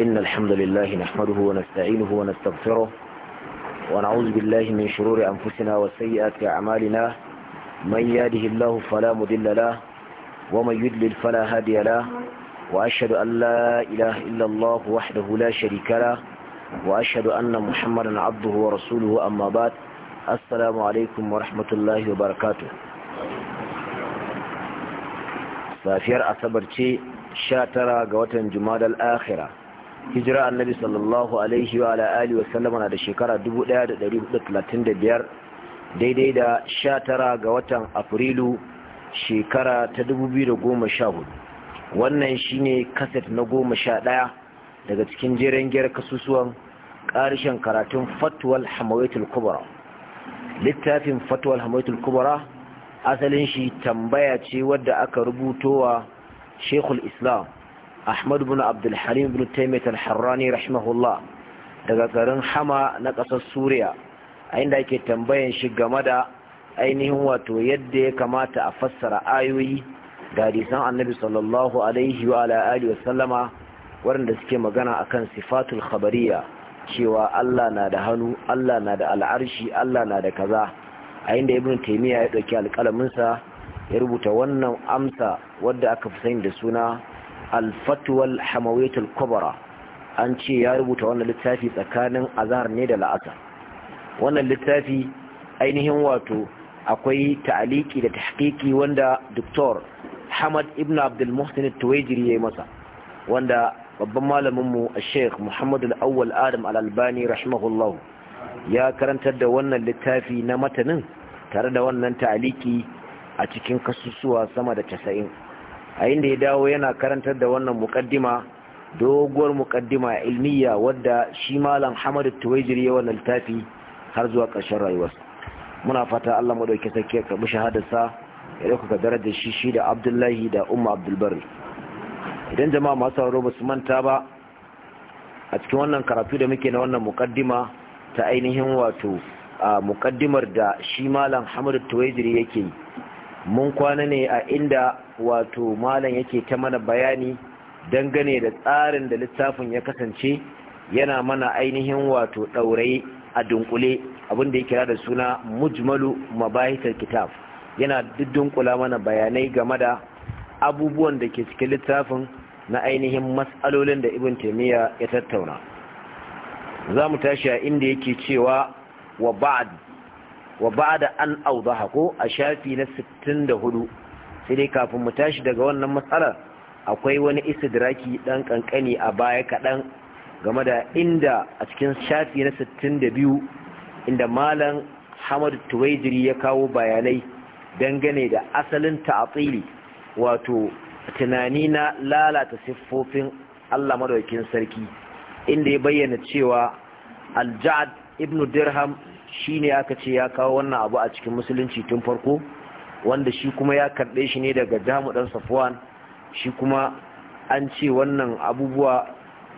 إن الحمد لله نحمده ونستعينه ونستغفره ونعوذ بالله من شرور أنفسنا وسيئات أعمالنا من يهده الله فلا مضل له ومن يضلل فلا هادي له وأشهد أن لا إله إلا الله وحده لا شريك له وأشهد أن محمدا عبده ورسوله أما بعد السلام عليكم ورحمة الله وبركاته safiyar asabar ce 19 ga watan hijira annabi sallallahu alaihi wa ala alihi wasallama na da shekara 1435 daidai da 19 ga watan afrilu shekara ta 2014 wannan shine kaset na 11 daga cikin jeren gyar kasusuwan karshen karatun fatwal hamawaitul kubara littafin fatwal hamawaitul kubara asalin shi tambaya ce wadda aka rubutowa shekul islam ahmad bin abdulhalim bin taimait al-harrani rahimahullah daga garin hama na ƙasar suriya a inda ake tambayan shi game da ainihin wato yadda ya kamata a fassara ayoyi da hadisan annabi sallallahu alaihi wa alihi wa sallama waɗanda suke magana akan sifatul khabariya cewa Allah na da hannu Allah na da al'arshi Allah na da kaza a inda ibn taymiya ya dauki alƙalamin sa ya rubuta wannan amsa wadda aka fi sani da suna alfatuwal hamawiyatul kubara an ce ya rubuta wannan littafi tsakanin azhar ne da la'asar wannan littafi ainihin wato akwai ta'aliki da tahqiqi wanda doktor Hamad ibn Abdul Muhsin Tuwaijiri yayi masa wanda babban malamin mu Sheikh Muhammad al-Awwal Adam al-Albani rahimahullahu ya karantar da wannan littafi na matanin tare da wannan ta'aliki a cikin kasusuwa sama da 90 a inda ya dawo yana karantar da wannan mukaddima doguwar mukaddima ilmiya wadda shi malam hamadu tuwaijiri ya wannan littafi har zuwa ƙarshen rayuwarsa muna fata allah maɗauki sarki ka bi shahadarsa ya ɗaukaka darajar shi shi da abdullahi da umma abdulbari idan jama'a masu sauraro ba su manta ba a cikin wannan karatu da muke na wannan mukaddima ta ainihin wato a mukaddimar da shi malam hamadu tuwaijiri yake yi mun kwana ne a inda wato malam yake ta mana bayani dangane da tsarin da littafin ya kasance yana mana ainihin wato ɗaurai a dunkule abinda ya kira da suna mujmalu mabahitar kitab yana dunkula mana bayanai game da abubuwan da ke cikin littafin na ainihin matsalolin da ibn taimiyya ya tattauna za mu tashi a inda yake cewa wa ba'ad wa ba'da an awdaha ko a shafi na 64 sai dai kafin mu tashi daga wannan matsalar akwai wani istidraki dan kankani a baya kaɗan? game da inda a cikin shafi na 62 inda malam Hamad Tuwaijiri ya kawo bayanai dangane da asalin ta'atili wato tunani na lalata siffofin Allah madaukin sarki inda ya bayyana cewa Al-Ja'd ibn Dirham shine aka ce ya kawo wannan abu a cikin musulunci tun farko wanda shi kuma ya karɓe shi ne daga jamu ɗan safuwan shi kuma an ce wannan abubuwa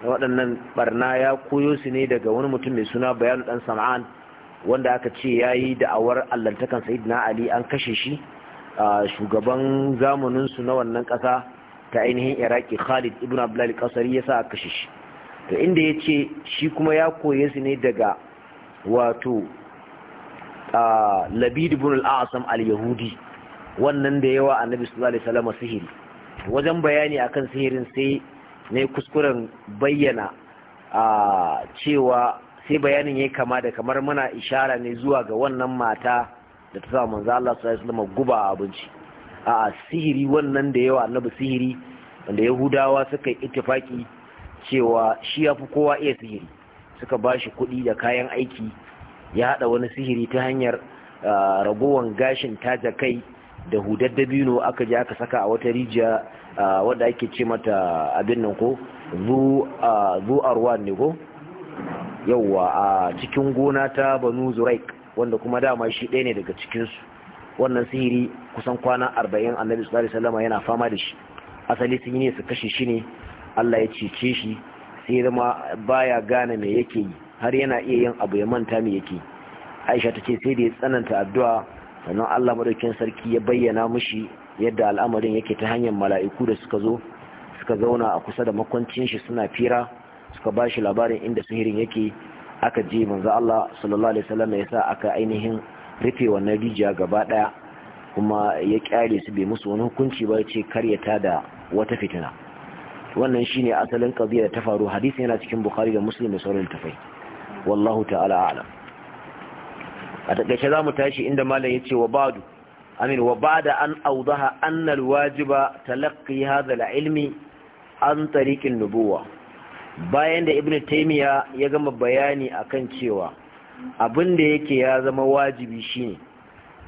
waɗannan barna ya koyo su ne daga wani mutum mai suna bayanu ɗan sam'an wanda aka ce ya yi da'awar allantakan na ali an kashe shi a shugaban zamaninsu na wannan ƙasa ta ainihin iraki khalid ibn abdullahi kasari ya sa a kashe shi to inda ya ce shi kuma ya koye su ne daga wato labid ibn al-asam al-yahudi wannan da yawa annabi sallallahu alaihi wasallam sihiri wajen bayani akan sihirin sai ne kuskuren bayyana cewa sai bayanin yayi kama da kamar muna ishara ne zuwa ga wannan mata da ta samu manzo Allah sallallahu alaihi wasallam guba abinci a sihiri wannan da yawa annabi sihiri wanda yahudawa suka yi ittifaki cewa shi yafi kowa iya sihiri suka bashi kuɗi da kayan aiki ya haɗa wani sihiri ta hanyar ragowar gashin taja kai da hudar dabino aka ji aka saka a wata rijiya wadda ake ce mata abin nan ko zu arwan ne ko yauwa a cikin gona ta banu zuraik wanda kuma dama shi ɗaya ne daga cikinsu wannan sihiri kusan kwana arba'in annabi sallallahu yana fama da shi asali sun yi ne su kashe shi ne Allah ya cece shi sai zama baya gane me yake yi har yana iya yin abu ya manta mai yake aisha ta ce sai da ya tsananta addu'a sannan allah madaukin sarki ya bayyana mushi yadda al'amarin yake ta hanyar mala'iku da suka zo suka zauna a kusa da makwancin shi suna fira suka ba shi labarin inda sihirin yake aka je manzo allah sallallahu alaihi wasallam ya sa aka ainihin rufe wannan rijiya gaba ɗaya kuma ya kyale su bai musu wani hukunci ba ce karyata da wata fitina wannan shine asalin qadiyar ta faru hadisi yana cikin bukhari da muslim da sauran tafai wallahu ta'ala a'lam a takaice zamu tashi inda malam yace wa ba'du amin wa ba'da an awdaha anna alwajiba talaqqi hadha alilmi an tariqin nubuwa bayan da ibnu taymiya ya gama bayani a kan cewa abin da yake ya zama wajibi shine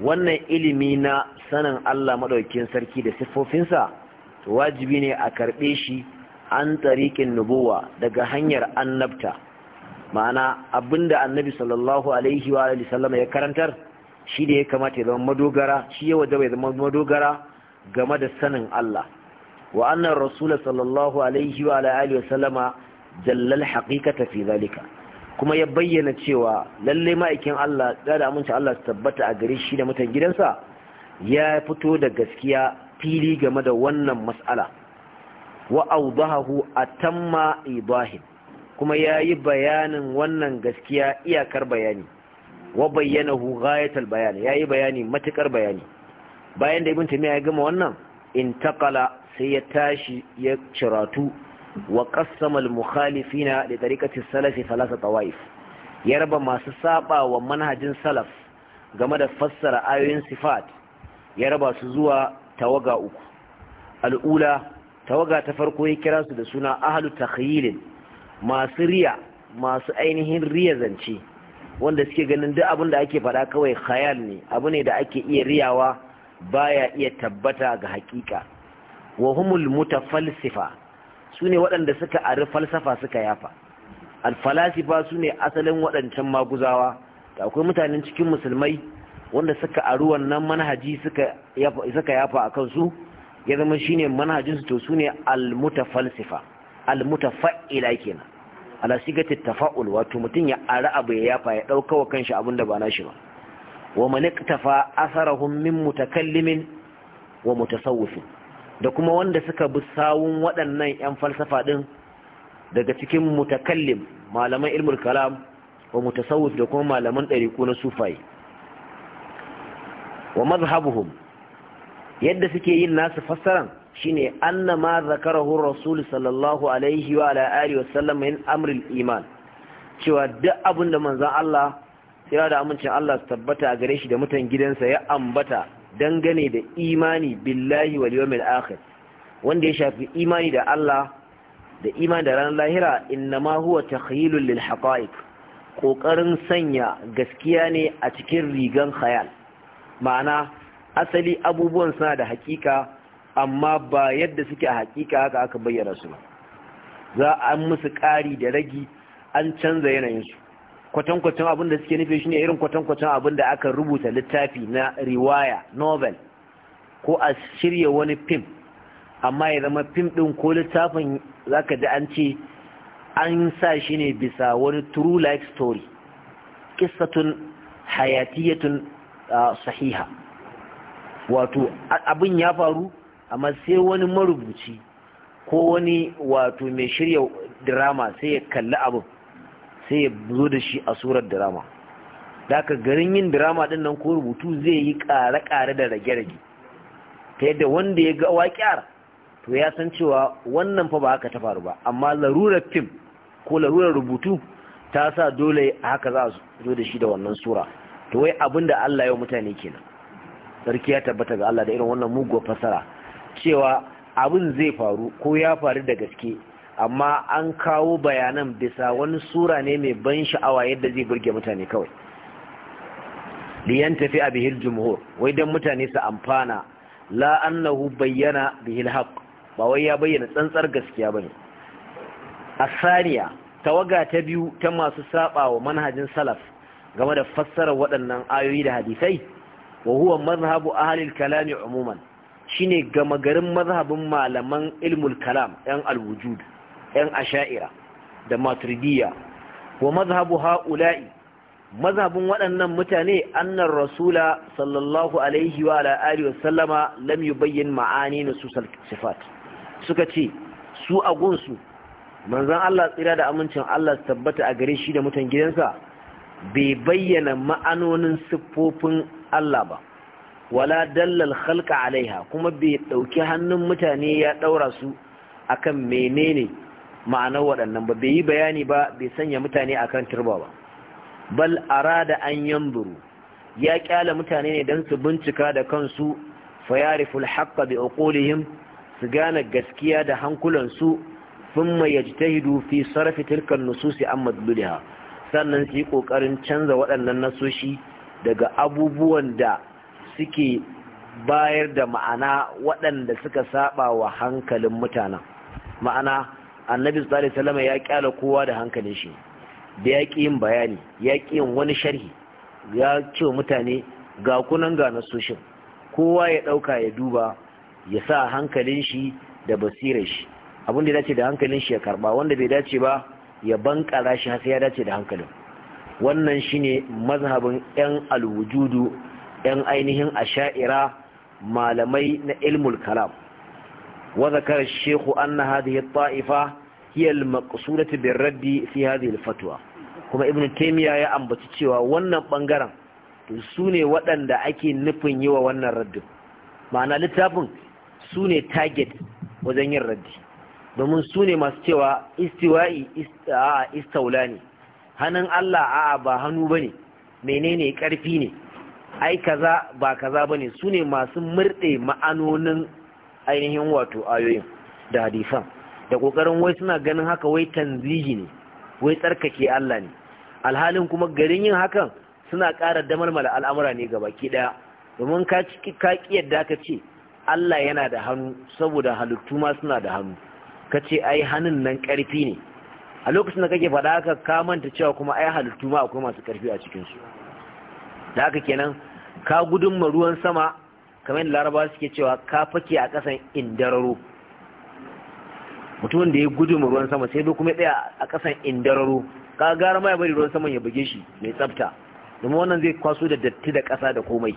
wannan ilimi na sanin Allah madaukakin sarki da siffofinsa wajibi ne a karbe shi an tariqin nubuwa daga hanyar annabta ma'ana abinda annabi sallallahu alaihi wa sallama ya karantar shi ne ya kamata ya zama madogara shi ya wajaba ya zama madogara game da sanin Allah wa annar rasul sallallahu alaihi wa alihi wa sallama jallal haqiqata fi zalika kuma ya bayyana cewa lalle ma'aikin Allah da aminci Allah su tabbata a gare shi da mutan gidansa ya fito da gaskiya fili game da wannan mas'ala wa awdahu atamma ibahin kuma ya yi bayanin wannan gaskiya iyakar bayani wa bayyana hu ghayatul bayan ya yi bayani matukar bayani bayan da ibn taymiya ya gama wannan intaqala sai ya tashi ya ciratu wa qassama al mukhalifina li tariqati salaf thalatha tawaif ya raba masu saba wa manhajin salaf game da fassara ayoyin sifat ya raba su zuwa tawaga uku al'ula tawaga ta farko ya kira su da suna ahlu takhyilin masu riya masu ainihin riya zance wanda suke ganin duk abin da ake faɗa kawai khayal ne abu ne da ake iya riyawa baya iya tabbata ga hakika wa humul mutafalsifa su ne waɗanda suka ari falsafa suka yafa alfalasifa su ne asalin waɗancan maguzawa da akwai mutanen cikin musulmai wanda suka ari wannan manhaji suka yafa a kansu ya zama shine manhajinsu to su ne almutafalsifa almutafa'ila kenan ala sigati tafa'ul wato mutum ya ara abu ya yafa ya dauka wa kanshi abin da ba nashi ba wa man iktafa asarahum min mutakallimin wa mutasawwifin da kuma wanda suka bi sawun waɗannan yan falsafa din daga cikin mutakallim malaman ilmul kalam wa mutasawwif da kuma malaman dariku na sufai wa madhhabuhum yadda suke yin nasu fassaran shine anna ma zakarahu rasul sallallahu alaihi wa ala alihi wasallam min amril iman cewa duk abin da manzon Allah ya da amincin Allah su tabbata a gare shi da mutan gidansa ya ambata dangane da imani billahi wal yawmil akhir wanda ya shafi imani da Allah da imani da ranar lahira innama huwa takhyilul lil haqa'iq kokarin sanya gaskiya ne a cikin rigan khayal ma'ana asali abubuwan suna da hakika amma ba yadda suke a hakika haka aka bayyana su za an musu ƙari da ragi an canza yanayinsu kwatankwacin abin da suke nufi ne irin kwatankwacin abin da aka rubuta littafi na riwaya novel ko a shirya wani fim amma ya zama fim ɗin ko littafin za ka ji an ce an sa shi ne bisa wani true life story kissatun hayatiyatun ah, sahiha wato abin ya faru amma sai wani marubuci ko wani wato mai shirya dirama sai ya kalli abin sai ya zo da shi a surar dirama daga garin yin dirama din nan ko rubutu zai yi ƙare-ƙare da rage-rage ta yadda wanda ya ga waƙiyar to ya san cewa wannan fa ba haka ta faru ba amma larurar fim ko larurar rubutu ta sa dole haka za a zo da shi da wannan sura to wai abin da Allah ya mutane kenan sarki ya tabbata ga Allah da irin wannan muguwar fasara cewa abin zai faru ko ya faru da gaske amma an kawo bayanan bisa wani sura ne mai ban sha'awa yadda zai burge mutane kawai liyan tafi a bihil jumhur wai don mutane su amfana la annahu bayyana bihil haq ba wai ya bayyana tsantsar gaskiya ba ne asaniya tawaga ta biyu ta masu saba wa manhajin salaf game da fassara waɗannan ayoyi da hadisai wa huwa mazhabu ahlil kalami umuman shine gama garin mazhabin malaman ilmul kalam yan alwujud yan asha'ira da maturidiyya wa mazhabu ha'ula'i mazhabin waɗannan mutane annar rasula sallallahu alaihi wa ala alihi wa sallama lam yubayyin ma'ani su sifat suka ce su a gunsu manzon Allah tsira da amincin Allah tabbata a gare shi da mutan gidansa bai bayyana ma'anonin siffofin Allah ba wala dallal halka alaiha kuma bai dauki hannun mutane ya daura su akan menene ma'anar waɗannan ba bai yi bayani ba bai sanya mutane akan turba ba bal arada an yanzuru ya kyala mutane ne dan su bincika da kansu fa yariful haqqa bi uqulihim su gane gaskiya da hankulansu thumma yajtahidu fi sarfi tilka an-nususi amma dulha sannan su yi kokarin canza waɗannan nasoshi daga abubuwan da suke bayar da ma'ana waɗanda suka saba wa hankalin mutanen ma'ana annabi sallallahu alaihi wasallam ya kyala kowa da hankalin shi da ya yin bayani ya yin wani sharhi ya ce mutane ga kunan ga nasoshin kowa ya ɗauka ya duba ya sa hankalin shi da basirar shi abin da ya dace da hankalin shi ya karba wanda bai dace ba ya bankara shi har ya dace da hankalin wannan shine mazhabin yan alwujudu ‘yan ainihin a sha’ira malamai na ilmul kalam. Wadda kar shekhu an na haɗe ya ta’ifa, hiyar maƙasunati bin rabbi, fi haɗe ya fatuwa. Kuma Ibn Taimiyya ya ambaci cewa wannan ɓangaren su ne waɗanda ake nufin yi wa wannan raddin. Ma'ana littafin su ne target wajen yin raddi. Domin su ne masu cewa istiwa’i a istaula ne, hannun Allah a ba hannu ba ne, menene ƙarfi ne, ai kaza ba kaza bane su ne masu murɗe ma'anonin ainihin wato ayoyin da hadisan da kokarin wai suna ganin haka wai tanzihi ne wai tsarkake Allah ne alhalin kuma garin yin hakan suna ƙara damarmala al'amura ne ga baki ɗaya domin ka yadda ka ce Allah yana da hannu saboda halittu ma suna da hannu ka ce ai hannun nan ƙarfi ne a lokacin da kake faɗa haka ka manta cewa kuma ai halittu ma akwai masu ƙarfi a cikinsu da haka kenan ka gudun ma ruwan sama kamar yadda laraba suke cewa ka fake a ƙasan indararo mutumin da ya gudun ruwan sama sai kuma tsaya a ƙasan indararo ka gara ma ya bari ruwan saman ya buge shi mai tsafta domin wannan zai kwaso da datti da ƙasa da komai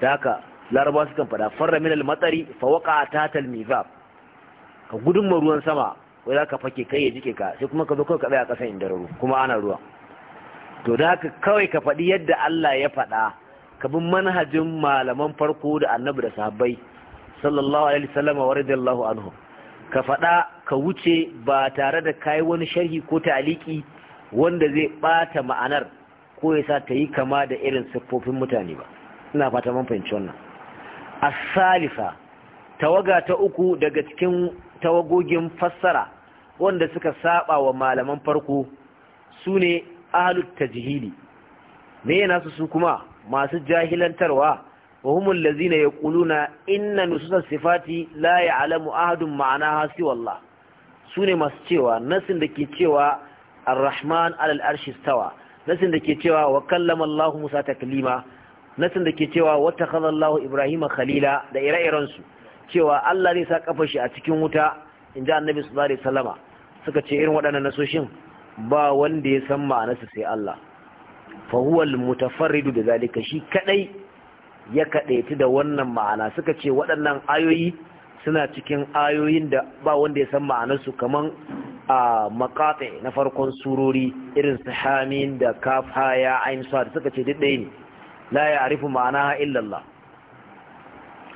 da haka laraba kan fada farra minal matsari fa waqa tatal mizab ka gudun ma ruwan sama wai za ka fake kai ya jike ka sai kuma ka zo kawai ka tsaya a ƙasan indararo kuma ana ruwa to da haka kawai ka faɗi yadda Allah ya faɗa ka manhajin malaman farko da annabi da sahabbai sallallahu alaihi wasallam wa radiyallahu anhu ka faɗa ka wuce ba tare da kai wani sharhi ko ta'aliki wanda zai bata ma'anar ko yasa sa ta yi kama da irin siffofin mutane ba ina fata mun fahimci wannan as-salisa tawaga ta uku daga cikin tawagogin fassara wanda suka saba wa malaman farko sune ahlut tajhili me yana su su kuma masu jahilantarwa wa humul lazina yaquluna inna nusus sifati la ya'lamu ahadun ma'anaha siwa Allah sune masu cewa nasin da ke cewa ar alal arshi stawa nasin da ke cewa wa kallama Allah Musa taklima nasin da ke cewa wa takhadha Allah Ibrahim khalila da ire-iren su cewa Allah zai sa kafar shi a cikin wuta inji Annabi sallallahu alaihi wasallama suka ce irin waɗannan nasoshin ba wanda ya san ma'anarsa sai Allah fahuwal mutafarridu da zalika shi kadai ya kadaitu da wannan ma'ana suka ce waɗannan ayoyi suna cikin ayoyin da ba wanda ya san ma'anarsu kaman a maqati na farkon surori irin su hamin da kaf haya ain sad suka ce duk ɗaya ne la ya'rifu ma'anaha illa Allah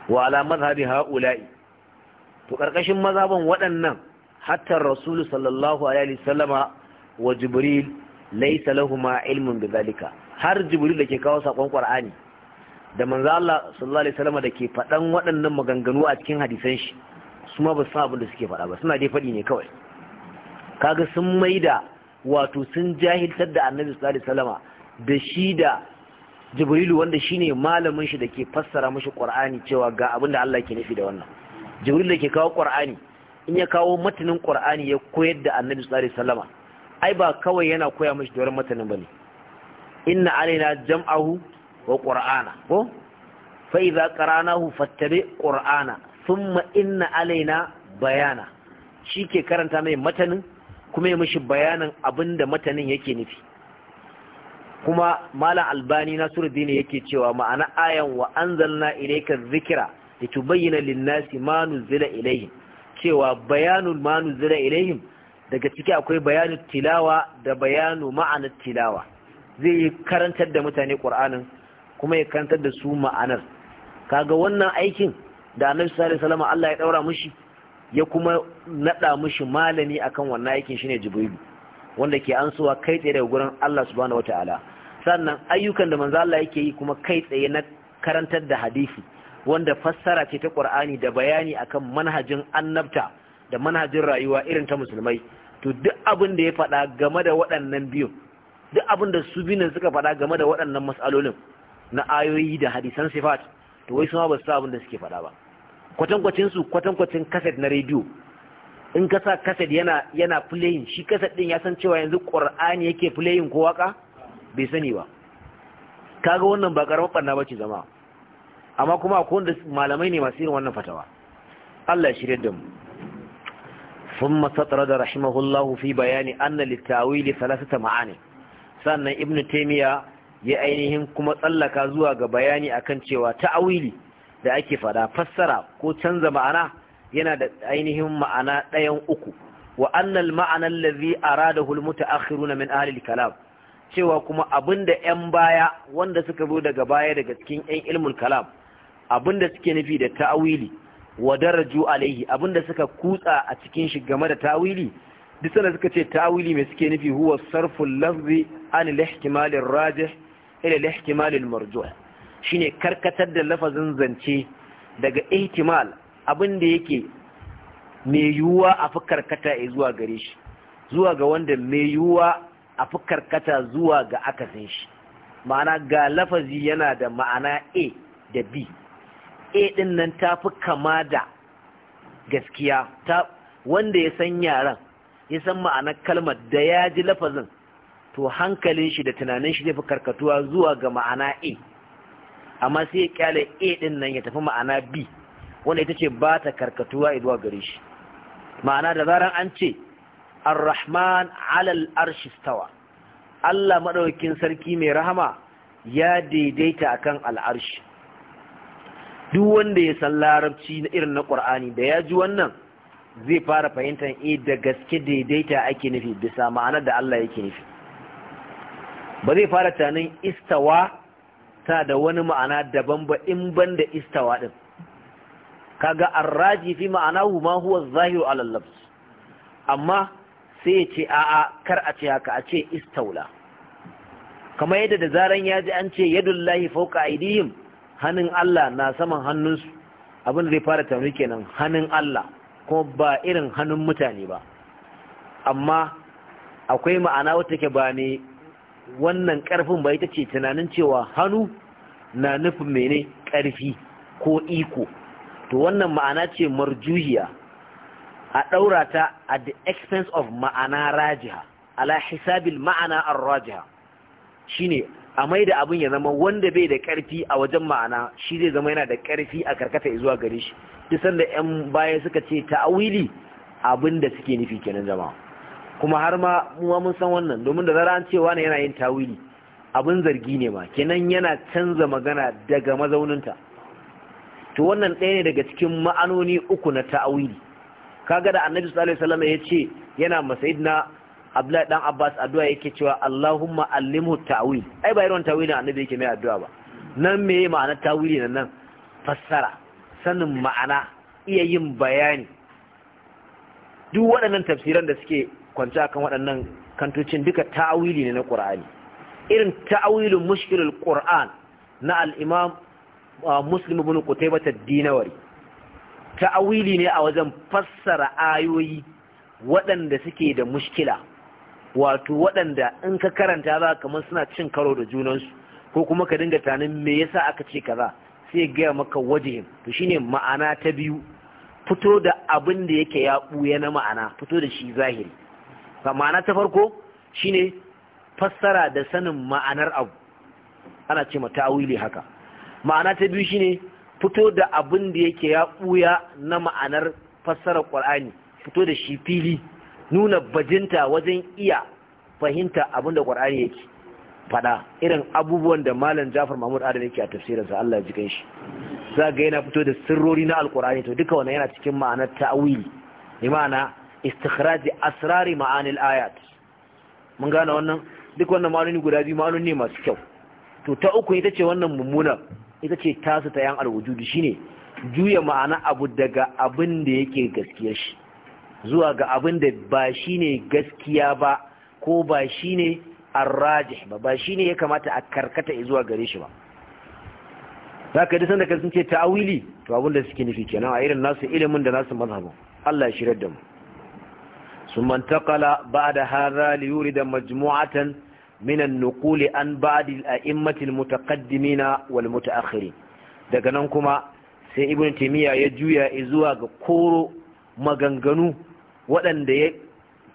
wa ala madhhabi haula'i to karkashin mazhaban waɗannan hatta rasulu sallallahu alaihi wasallama wa jibril laisa lahuma ilmun zalika har jibril da ke kawo sakon qur'ani da manzo Allah sallallahu alaihi wasallam da ke faɗan waɗannan maganganu a cikin hadisan shi su ma ba su san abin da suke faɗa ba suna dai faɗi ne kawai kaga sun maida wato sun jahiltar da annabi sallallahu alaihi wasallama da shi da jibrilu wanda shine malamin shi da ke fassara mishi qur'ani cewa ga abinda da Allah ke nufi da wannan jibril da ke kawo qur'ani in ya kawo matanin qur'ani ya koyar da annabi sallallahu alaihi wasallama ai ba kawai yana koya mashi doron matanin ba ne. inna alaina jam'ahu wa qur'ana ko fa idza qara'nahu fattabi qur'ana thumma inna alaina bayana shi ke karanta mai matanin kuma ya mishi bayanin abinda matanin yake nufi kuma malam albani nasiruddin yake cewa ma'ana ayan wa anzalna ilayka dhikra litubayyana lin-nasi ma nuzila ilayhim cewa bayanul ma nuzila ilayhim daga ciki akwai bayanu tilawa da bayanu ma'anar tilawa zai yi karantar da mutane ƙur'anin kuma ya karantar da su ma'anar kaga wannan aikin da annabi sallallahu alaihi wasallam Allah ya ɗaura mushi ya kuma naɗa mushi malami akan wannan aikin shine jibrilu wanda ke ansuwa kai tsaye daga gurin Allah subhanahu wataala sannan ayyukan da manzo Allah yake yi kuma kai tsaye na karantar da hadisi wanda fassara ce ta Qur'ani da bayani akan manhajin annabta da manhajin rayuwa irin ta musulmai to duk abin da ya faɗa game da waɗannan biyu duk abin da su biyu suka faɗa game da waɗannan matsalolin na ayoyi da hadisan sifat to wai suma ba su abin da suke faɗa ba kwatankwacin su kwatankwacin kaset na rediyo in ka sa kaset yana yana playing shi kaset din ya san cewa yanzu qur'ani yake playing ko waka bai sani ba kaga wannan ba karamar ba ce zama amma kuma akwai wanda malamai ne masu irin wannan fatawa Allah ya shirye da mu ثم da رحمه الله في بيان أن للتأويل ثلاثة معاني sannan ibn taymiya ya ainihin kuma tsallaka zuwa ga bayani akan cewa ta'awili da ake fada fassara ko canza ma'ana yana da ainihin ma'ana ɗayan uku wa annal ma'ana allazi aradahu almutaakhiruna min ahli alkalam cewa kuma abinda 'yan baya wanda suka zo daga baya daga cikin ƴan ilmul kalam abinda suke nufi da ta'awili wa daraju alaihi abinda suka kutsa a cikin shi game da tawili duk sanda suka ce tawili mai suke nufi huwa sarful lafzi an al-ihtimal ar-rajih ila al-ihtimal al-marjuh shine karkatar da lafazin zance daga ihtimal abinda yake mai yiwuwa a fi karkata zuwa gare shi zuwa ga wanda mai yiwuwa a fi karkata zuwa ga akasin shi ma'ana ga lafazi yana da ma'ana a da b a ɗinnan nan ta fi kama da gaskiya ta wanda ya san yaran ya san ma'anar kalmar da ya ji lafazin to hankalin shi da tunanin shi zai fi karkatuwa zuwa ga ma'ana a amma sai ya kyale a ɗin nan ya tafi ma'ana b wanda ita ce ba ta karkatuwa zuwa gare shi ma'ana da zaran an ce ar-rahman alal arshi stawa Allah maɗaukin sarki mai rahama ya daidaita akan al'arshi duk wanda ya san larabci irin na ƙur'ani da ya ji wannan zai fara fahimtar e da gaske daidaita ake nufi bisa ma'ana da Allah yake nufi ba zai fara tunanin istawa ta da wani ma'ana daban ba in ban da istawa din kaga arraji fi ma'anahu ma huwa zahiru ala amma sai ya ce a'a kar a ce haka a ce istaula kamar yadda da zaran ya ji an ce yadullahi fawqa aydihim hannun Allah na saman hannunsu abin da zai fara tauni kenan hannun Allah kuma ba irin hannun mutane ba amma akwai ma'ana wata ke ba ne wannan karfin ba ita ce tunanin cewa hannu na nufin mene karfi ko iko to wannan ma'ana ce marjuhiya a ɗaura ta at the expense of ma'ana rajiha ala hisabil ma'ana ar-rajiha shine a mai da abin ya zama wanda bai da karfi a wajen ma'ana shi zai zama yana da karfi a karkata zuwa gare shi duk da yan baya suka ce ta'awili abin da suke nufi kenan jama'a kuma har ma mu mun san wannan domin da zara an ce wani yana yin ta'awili, abin zargi ne ma kenan yana canza magana daga mazauninta to wannan ɗaya ne daga cikin ma'anoni uku na ta'awili kaga da annabi sallallahu alaihi wasallam ya ce yana na? Abdullahi dan Abbas addu'a yake cewa Allahumma allimhu ta'wil ai ba irin tawilin annabi yake mai addu'a ba nan me ma'ana tawili nan nan fassara sanin ma'ana iya yin bayani duk waɗannan tafsiran da suke kwance akan waɗannan kantocin duka ta'wili ne na Qur'ani irin ta'wilin mushkilul Qur'an na al-Imam uh, Muslim ibn Qutaybah ad-Dinawari ta'awili ne a wajen fassara ayoyi waɗanda suke da mushkila wato waɗanda in ka karanta ba kamar suna cin karo da junansu ko kuma ka dinga tanin me yasa aka ce kaza sai gaya maka wajihin to shine ma'ana ta biyu fito da abin da yake ya ɓuya na ma'ana fito da shi zahiri ga ma'ana ta farko shine fassara da sanin ma'anar abu ana ce ta'awili haka ma'ana ta biyu shine fito da abin da yake ya ɓuya na ma'anar fassarar ƙwar'ani fito da shi fili nuna bajinta wajen iya fahimta abin da ƙwar'ani yake faɗa irin abubuwan da malam jafar mahmud adam yake a tafsirinsa allah ji shi za ga yana fito da sirrori na alƙwar'ani to duka wannan yana cikin ma'anar ta'awili ne ma'ana istikhraji asrari ma'anil ayat mun gane wannan duk wannan ma'anoni guda biyu ma'anoni ne masu kyau to ta uku ita ce wannan mummuna ita ce tasu ta yan alwujudu shine juya ma'ana abu daga abin da yake gaskiyar shi zuwa ga abin da ba shi ne gaskiya ba ko ba shi shine arrajih ba ba ne ya kamata a karkata zuwa gare shi ba zaka da ka kan sun ce ta'awili to abin da suke nufi kenan a irin nasu ilimin da nasu mazhabu Allah ya shirar da mu ثم انتقل da majmu'atan minan nukuli an ba da بعض الأئمة wal والمتأخرين daga nan kuma sai ibn taimiyya ya juya zuwa ga koro maganganu waɗanda ya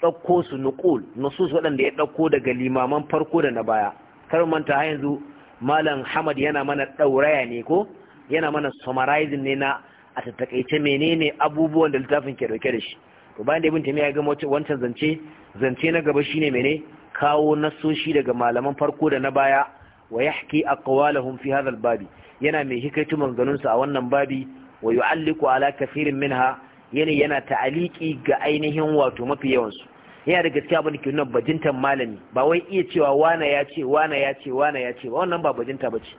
ɗauko su nuqul nusus waɗanda ya ɗauko daga limaman farko da na baya kar manta har yanzu malam Hamad yana mana ɗauraya ne ko yana mana summarizing ne na a tattakaice menene abubuwan da littafin ke dauke da shi to bayan da ibn ya gama wancan zance zance na gaba shine mene kawo nasoshi daga malaman farko da na baya wa yahki aqwalahum fi hadha babi yana mai hikaitu manganun a wannan babi wa yu'alliqu ala kathirin minha yana yana ta'aliki ga ainihin wato mafi yawansu yana da gaskiya abin da ke nuna bajintan malami ba wai iya cewa wana ya ce wana ya ce wana ya ce wannan ba bajinta ba ce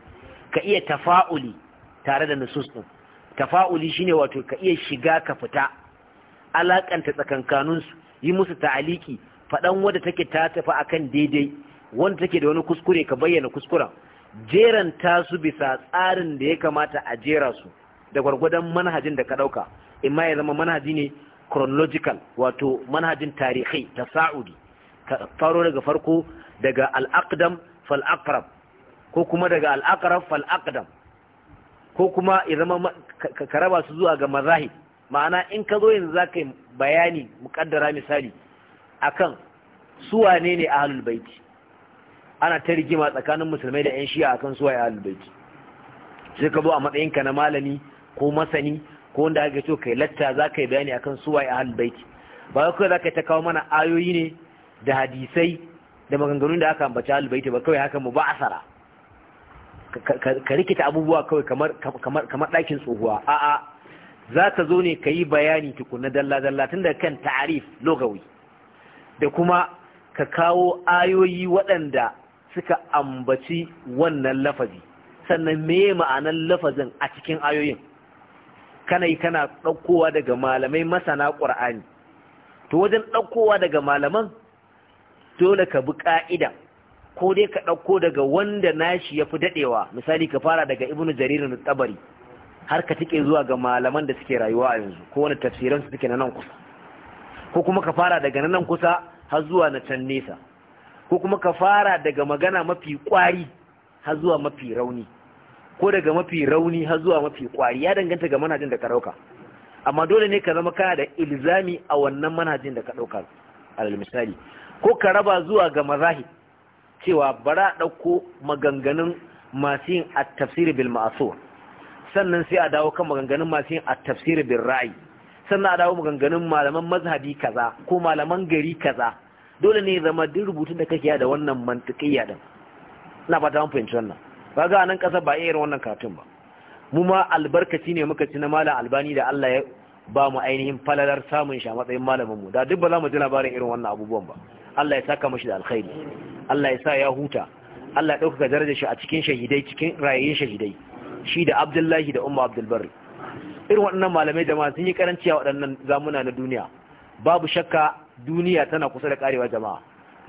ka iya tafa'uli tare da nusus din tafa'uli shine wato ka iya shiga ka fita alakanta su yi musu ta'aliki faɗan wadda take ta tafi akan daidai wanda take da wani kuskure ka bayyana kuskuren jeranta su bisa tsarin da ya kamata a jera su da gwargwadon manhajin da ka ɗauka imma ya zama manhaji ne chronological wato manhajin tarihi ta sa'udi faro daga farko daga al'aqdam fal aqrab ko kuma daga al'aqrab fal aqdam ko kuma ya zama ka raba su zuwa ga mazahib ma'ana in ka zo yanzu zaka yi bayani muƙaddara misali akan su wane ne ahlul baiti ana ta rigima tsakanin musulmai da yan shi'a akan su waye ahlul baiti sai ka zo a matsayinka na malami ko masani ko wanda aka so kai latta za ka yi bayani akan suwaye ahal baiti ba kawai za ka ta kawo mana ayoyi ne da hadisai da maganganun da aka ambaci ahal baiti ba kawai haka mu ba asara ka rikita abubuwa kawai kamar ɗakin tsohuwa a'a za ka zo ne ka yi bayani tukuna dalla dalla tun da kan ta'arif logawi da kuma ka kawo ayoyi waɗanda suka ambaci wannan lafazi sannan me ma'anar lafazin a cikin ayoyin kana yi kana ɗaukowa daga malamai masana ƙur'ani to wajen ɗaukowa daga malaman dole ka bi ƙa'ida ko dai ka ɗauko daga wanda nashi ya fi daɗewa misali ka fara daga ibnu jaririn tabari har ka tike zuwa ga malaman da suke rayuwa a yanzu ko wani tafsiran su suke na nan kusa ko kuma ka fara daga nan kusa har zuwa na can nesa ko kuma ka fara daga magana mafi ƙwari har zuwa mafi rauni ko daga mafi rauni har zuwa mafi kwari ya danganta ga manhajin da ka dauka amma dole ne ka zama kana da ilzami a wannan manhajin da ka dauka alal misali ko ka raba zuwa ga mazahi cewa bara dauko maganganun masu yin at-tafsir bil sannan sai a dawo kan maganganun masu yin at-tafsir bil ra'i sannan a dawo maganganun malaman mazhabi kaza ko malaman gari kaza dole ne zama duk rubutun da kake da wannan mantiqiyya din na fata mun fahimci wannan kaga anan kasa ba irin wannan karatun ba mu ma albarkaci ne muka ci na malam albani da Allah ya ba mu ainihin falalar samun sha a matsayin malamin mu da duk ba za mu ji labarin irin wannan abubuwan ba Allah ya saka mashi da alkhairi Allah ya sa ya huta Allah ya ɗaukaka daraja shi a cikin shahidai cikin rayayyun shahidai shi da Abdullahi da Umma Abdul Barri irin waɗannan malamai jama'a sun yi karanci a waɗannan zamuna na duniya babu shakka duniya tana kusa da karewa jama'a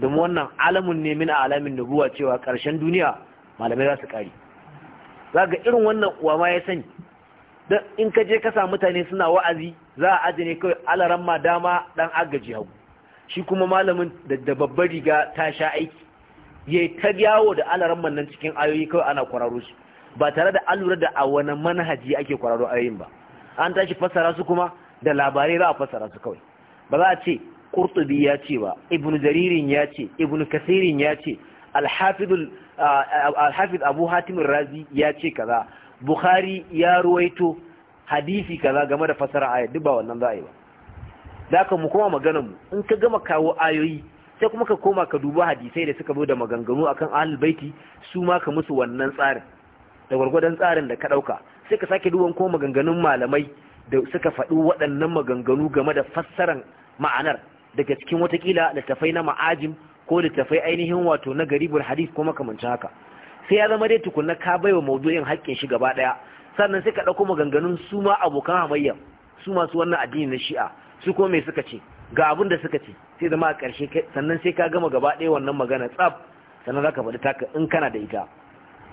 domin wannan alamun ne min alamin nubuwa cewa ƙarshen duniya malamai za su kare za ga irin wannan uwa ma ya sani don in ka je ka sa mutane suna wa'azi za a ajiye kawai alaran ma dama dan agaji hagu shi kuma malamin da babbar riga ta sha aiki ya ta yawo da alaran man nan cikin ayoyi kawai ana kwararo su ba tare da allura da a wani manhaji ake kwararo ayoyin ba an tashi fassara su kuma da labarai za a fassara su kawai ba za a ce kurtubi ya ce ba ibnu jaririn ya ce ibnu kasirin ya ce alhafid abu hatimin razi ya ce kaza bukhari ya ruwaito hadisi kaza game da fasara ayat duk ba wannan za a yi ba da ka mu koma maganar mu in ka gama kawo ayoyi sai kuma ka koma ka duba hadisai da suka zo da maganganu akan ahlul baiti su ma ka musu wannan tsarin da gwargwadon tsarin da ka ɗauka. sai ka sake duban ko maganganun malamai da suka faɗi waɗannan maganganu game da fassaran ma'anar daga cikin watakila tafai na ma'ajin. ko littafai ainihin wato na garibul hadith ko makamancin haka sai ya zama dai tukunna ka baiwa maudu'in haƙƙin shi gaba ɗaya sannan sai ka ɗauko maganganun su ma abokan hamayya su masu wannan addini na shi'a su ko me suka ce ga abin da suka ce sai zama a ƙarshe sannan sai ka gama gaba ɗaya wannan magana tsaf sannan za ka faɗi taka in kana da ita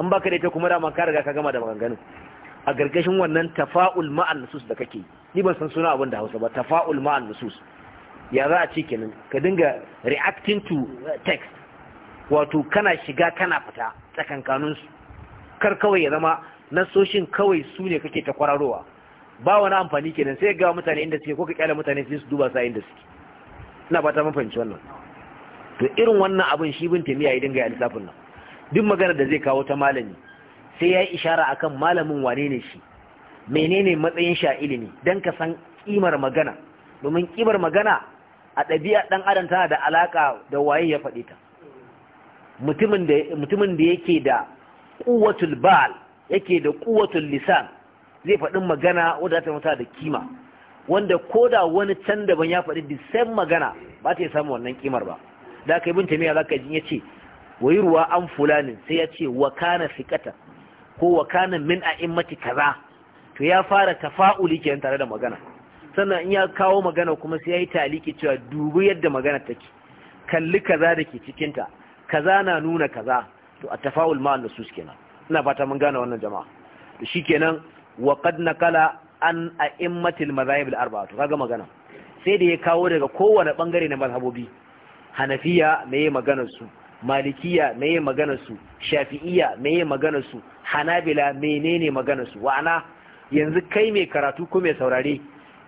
in baka da ita kuma dama ka riga ka gama da maganganun a gargashin wannan tafa'ul ma'an nusus da kake ni ban san suna abin da Hausa ba tafa'ul ma'an nusus ya za a ce kenan ka dinga reacting to text wato kana shiga kana fita tsakankaninsu kar kawai ya zama nasoshin kawai su ne kake ta kwararowa ba wani amfani kenan sai ga mutane inda suke ko ka kyale mutane su duba sa inda suke ina ba ta mun fahimci wannan to irin wannan abin shi bin tamiya ya dinga ya lissafin nan duk magana da zai kawo ta malami sai ya yi ishara akan malamin wane ne shi menene matsayin sha ilimi dan ka san kimar magana domin kimar magana a ɗabi'a ɗan adam tana da alaƙa da waye ya faɗi ta mutumin da yake da ƙuwatul ba'al yake da ƙuwatul lisan zai faɗi magana wadda ta mutu da kima wanda ko da wani can daban ya faɗi da magana ba ta yi samun wannan kimar ba da aka yi bin tamiya za ka ji ya ce wai ruwa an Fulani sai ya ce wa kana fiƙata ko wa kana min a'immati kaza to ya fara tafa'uli kenan tare da magana sannan in ya kawo magana kuma sai ya yi taliki cewa dubu yadda magana take kalli kaza da ke cikinta kaza na nuna kaza to a tafawul ma'an da su kenan ina fata mun gane wannan jama'a to shikenan wa qad naqala an a'immatil mazahib al arba'a to kaga magana sai da ya kawo daga kowane bangare na mazhabobi hanafiya me yayi maganar su malikiya me yayi maganar su shafi'iyya me yayi maganar su hanabila menene maganar su wa'ana yanzu kai mai karatu ko mai saurare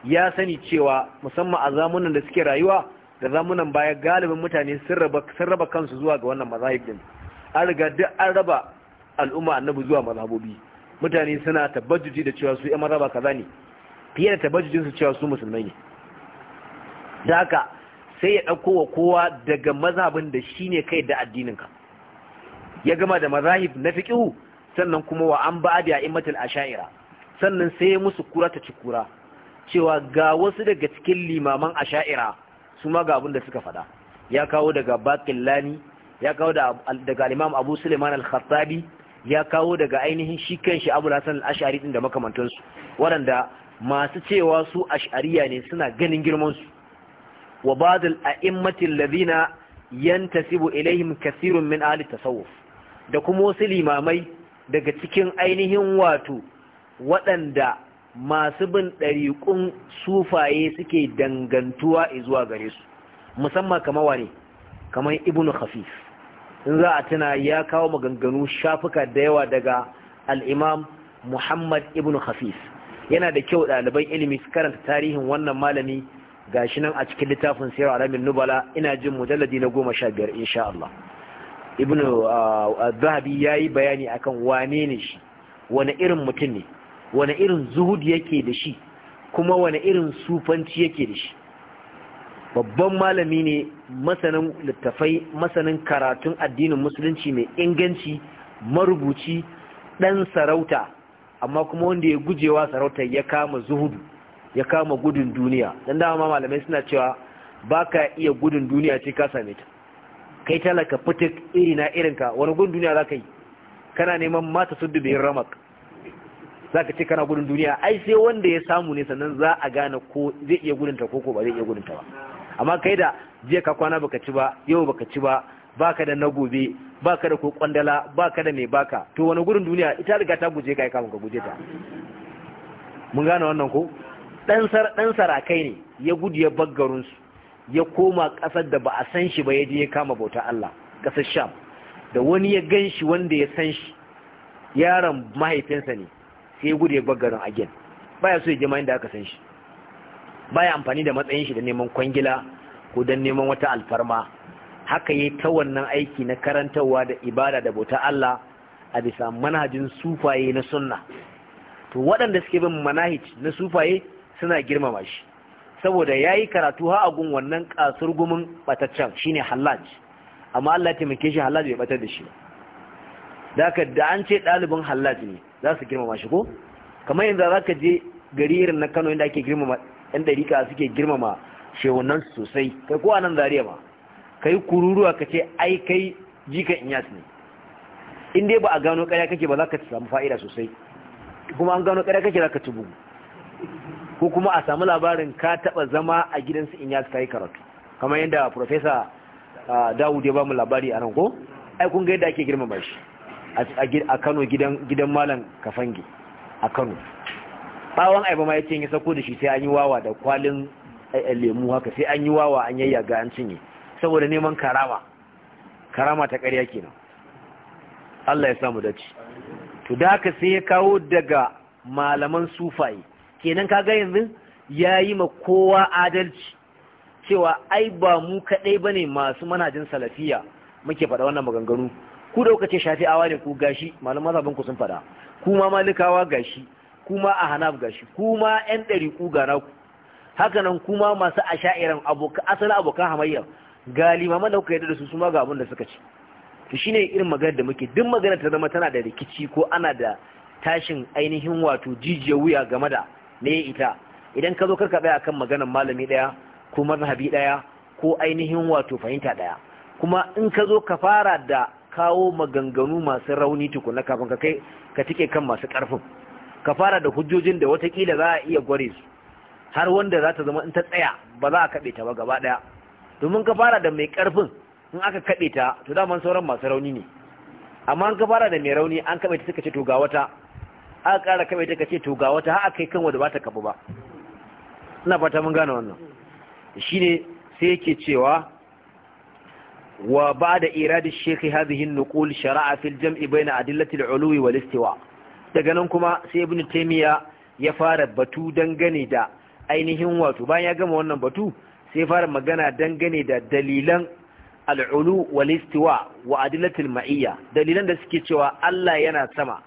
ya sani cewa musamman a zamunan da suke rayuwa da zamunan baya galibin mutane sun raba kansu zuwa ga wannan mazahib din an riga duk an raba al'umma annabi zuwa mazhabobi mutane suna tabbajuji da cewa su 'yan mazhaba kaza ne fiye da tabbajin su cewa su musulmai ne da haka sai ya ɗauko wa kowa daga mazhabin da shi kai da addininka ya gama da mazahib na fiƙihu sannan kuma wa an ba a a'immatul asha'ira sannan sai musu kura ta ci kura. cewa ga wasu daga cikin limaman asha'ira su ma ga abin da suka faɗa ya kawo daga Bakin Lani, ya kawo daga alimam abu suleiman al-khattabi ya kawo daga ainihin shi kanshi abu lasan al-ash'ari din da makamantansu waɗanda masu cewa su ash'ariya ne suna ganin girman su wa ba'd al-a'immati alladhina yantasibu ilaihim kathirun min ahli tasawuf da kuma wasu limamai daga cikin ainihin wato waɗanda masu bin ɗariƙun sufaye suke dangantuwa zuwa gare su musamman kamar wane kamar Ibn khafif in za a tuna ya kawo maganganu shafuka da yawa daga al'imam muhammad Ibn khafif yana da kyau ɗaliban ilimi su karanta tarihin wannan malami gashi nan a cikin littafin sayar alamin nubala ina jin mujalladi na goma sha biyar insha Allah ibn ah, zahabi ya yi bayani akan wane ne shi wani irin mutum ne wane irin zuhudi yake da shi kuma wani irin sufanci yake da shi babban malami ne masanin littafai masanin karatun addinin musulunci mai inganci marubuci ɗan sarauta amma kuma wanda ya gujewa sarauta ya kama zuhudu ya kama gudun duniya dan dama malamai suna cewa baka iya gudun duniya ce ka same ta kai talaka fitik irina irinka wani gudun duniya za ka yi kana neman mata su da yin ramak za ka ce kana gudun duniya ai sai wanda ya samu ne sannan za a gane ko zai iya gudunta ko ko ba zai iya gudunta ba amma kai da jiya ka kwana baka ci ba yau baka ci ba baka da na gobe baka da ko kwandala baka da mai baka to wani gudun duniya ita riga ta guje ka kafin ka guje ta mun gane wannan ko dan sar dan sarakai ne ya gudu ya baggarun su ya koma kasar da ba a san shi ba ya je ya kama bauta Allah kasar Sham da wani ya gan shi wanda ya san shi yaron mahaifinsa ne sai gudu ya garin agen baya so ya je inda aka san shi baya amfani da matsayin shi da neman kwangila ko don neman wata alfarma haka yi ta wannan aiki na karantarwa da ibada da bauta Allah a bisa manhajin sufaye na sunna to waɗanda suke bin manahij na sufaye suna girmama shi saboda ya yi karatu ha a gun wannan kasar gumin shi shine hallaj amma Allah ya taimake shi hallaj bai batar da shi ba da an ce ɗalibin hallaj ne za su girmama shi ko kamar yadda za ka je gari irin na kano inda ake girmama yan dariƙa suke girmama shewunan sosai kai ko nan zariya ma ka yi kururuwa ka ce ai kai jikan inyas ne in dai ba a gano ƙarya kake ba za ka samu fa'ida sosai kuma an gano ƙarya kake za ka ci bugu ko kuma a samu labarin ka taɓa zama a gidansu inyas ka yi karatu kamar yadda profesa ah, dawud ya ba mu labari a nan ko ai kun ga yadda ake girmama shi a Kano gidan malam kafange a Kano bawon aiba ma ya ce ya sako da shi sai an yi wawa da kwalin eh, eh, lemu haka sai an yi wawa an yayya ga an cinye saboda neman karama karama ta ƙarya kenan Allah ya samu dace to da haka sai ya kawo daga malaman sufaye kenan kaga yanzu yi ma kowa adalci cewa ai ba mu kadai bane masu manhajin salafiya muke faɗa wannan maganganu ku da kuka ce shafi'awa ne ku gashi malaman mazhabin ku sun fada kuma malikawa gashi kuma ahnaf gashi kuma yan ɗariku ga ku haka nan kuma masu asha'iran abokan asali abokan hamayya ga limaman da kuka yarda da su su ma ga abin da suka ci. to shine irin magana da muke duk magana ta zama tana da rikici ko ana da tashin ainihin wato jijiyar wuya game da ne ita idan ka zo karka tsaya kan maganar malami daya ko mazhabi daya ko ainihin wato fahimta daya kuma in ka zo ka fara da kawo maganganu masu rauni tukuna kafin ka kai ka tike kan masu ƙarfin ka fara da hujjojin da watakila za a iya gware su har wanda za ta zama in ta tsaya ba za a kaɓe ta ba gaba ɗaya domin ka fara da mai ƙarfin in aka kaɓe ta to daman sauran masu rauni ne amma in ka fara da mai rauni an kaɓe ta suka ce to ga wata aka ƙara kaɓe ta ka ce to ga wata har a kai kan wanda ba ta kaɓu ba ina fata mun gane wannan shine sai yake cewa wa ba وبعد إيراد الشيخ هذه النقول شرع في الجمع بين daga nan kuma sai Ibn ابن ya fara batu dangane da ainihin wato bayan ya gama wannan batu sai fara magana dangane da dalilan al'ulu wal istiwa wa adilatul ma'iyya dalilan da suke cewa Allah yana sama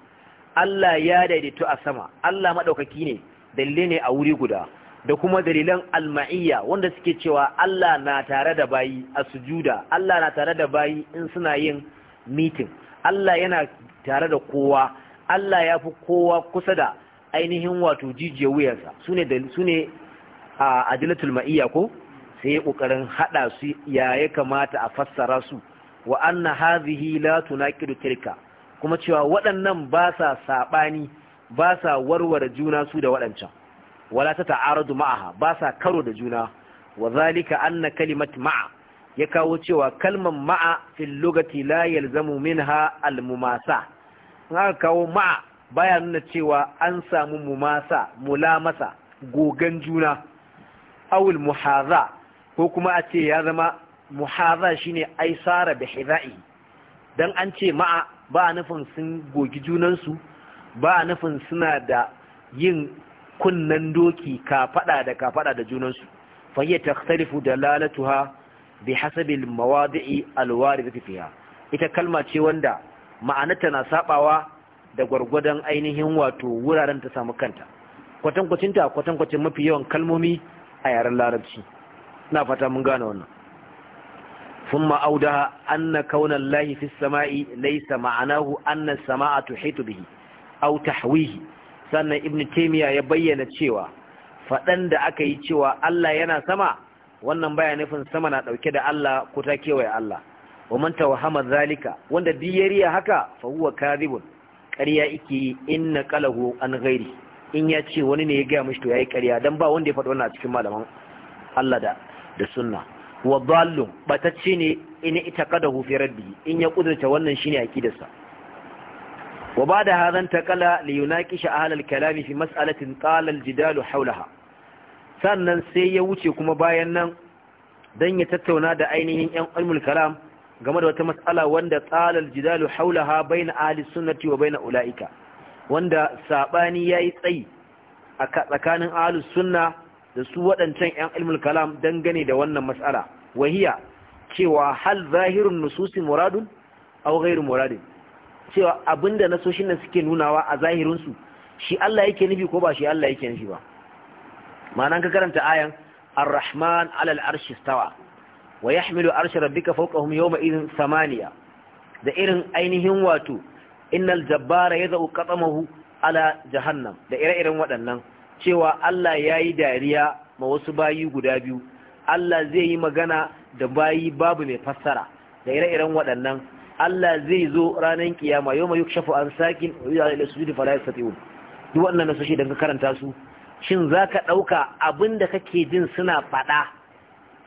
Allah ya daidaito a sama Allah madaukaki ne dalile ne a wuri guda da kuma dalilan alma'iyya wanda suke cewa Allah na tare da bayi a sujuda Allah na tare da bayi in suna yin meeting Allah yana tare da kowa Allah ya fi kowa kusa da ainihin wato jijiyar wuyarsa su ne a adilatul ma'iyya ko sai ya kokarin hada su ya ya kamata a fassara su wa anna hadhihi la tunaqidu tilka kuma cewa waɗannan ba sa sabani ba sa warware juna su da waɗancan wala ta ta'aradu ma'aha ba sa karo da juna wa zalika anna kalimat ma'a ya kawo cewa kalmar ma'a fil lugati la yalzamu minha al mumasa in kawo ma'a baya nuna cewa an samu mumasa mulamasa gogan juna awul muhadha ko kuma a ce ya zama muhadha shine aisara bi hidai dan an ce ma'a ba nufin sun gogi junansu ba nufin suna da yin kunnan doki kafada da kafada da junansu fa da takhtalifu dalalatuha bi hasabi alwari alwaridati fiha ita kalma ce wanda ma'anarta na sabawa da gwargwadon ainihin wato wuraren ta samu kanta kwatankwacin ta kwatankwacin mafi yawan kalmomi a yaren larabci na fata mun gane wannan ثم أودها أن كون الله في السماء ليس معناه أن السماء sannan ibn taimiya ya bayyana cewa faɗan da aka yi cewa Allah yana sama wannan baya nufin sama na ɗauke da Allah ko ta kewaye Allah wa man tawahama zalika wanda biyariya haka fa huwa kadhibun ƙarya yake yi inna qalahu an ghairi in ya ce wani ne ya gaya mishi to yayi ƙarya dan ba wanda ya faɗo wannan a cikin malaman Allah da da sunna wa dallun batacce ne ina ita kadahu fi rabbi in ya kudurta wannan shine aqidarsa وبعد هذا انتقل ليناقش halar الكلام في مسألة طال الجدال حولها sannan sai ya wuce kuma bayan nan don ya tattauna da ainihin 'yan ilmul kalam game da wata matsala wanda tsalal jidalu haulaha baina ahli sunnati wa baina ula'ika wanda sabani yayi tsayi a tsakanin ahli sunna da su waɗancan 'yan ilmul kalam dangane da wannan matsala wahiya cewa hal zahirun nususi muradun aw ghairu muradin cewa abinda nasoshin nan suke nunawa a zahirinsu shi Allah yake nufi ko ba shi Allah yake nufi ba ma'anan ka karanta ayan ar-rahman alal arshi stawa wa yahmilu arsha rabbika fawqahum yawma idhin samaniya da irin ainihin wato innal jabbara yad'u qatamahu ala jahannam da ire-iren waɗannan cewa Allah yayi dariya ma wasu bayi guda biyu Allah zai yi magana da bayi babu mai fassara da ire-iren waɗannan Allah zai zo ranar kiyama yau mai yukshafu an sakin ya ila fara yasa yastati'un duk wannan nasoshi da ka karanta su shin za zaka abin da kake jin suna faɗa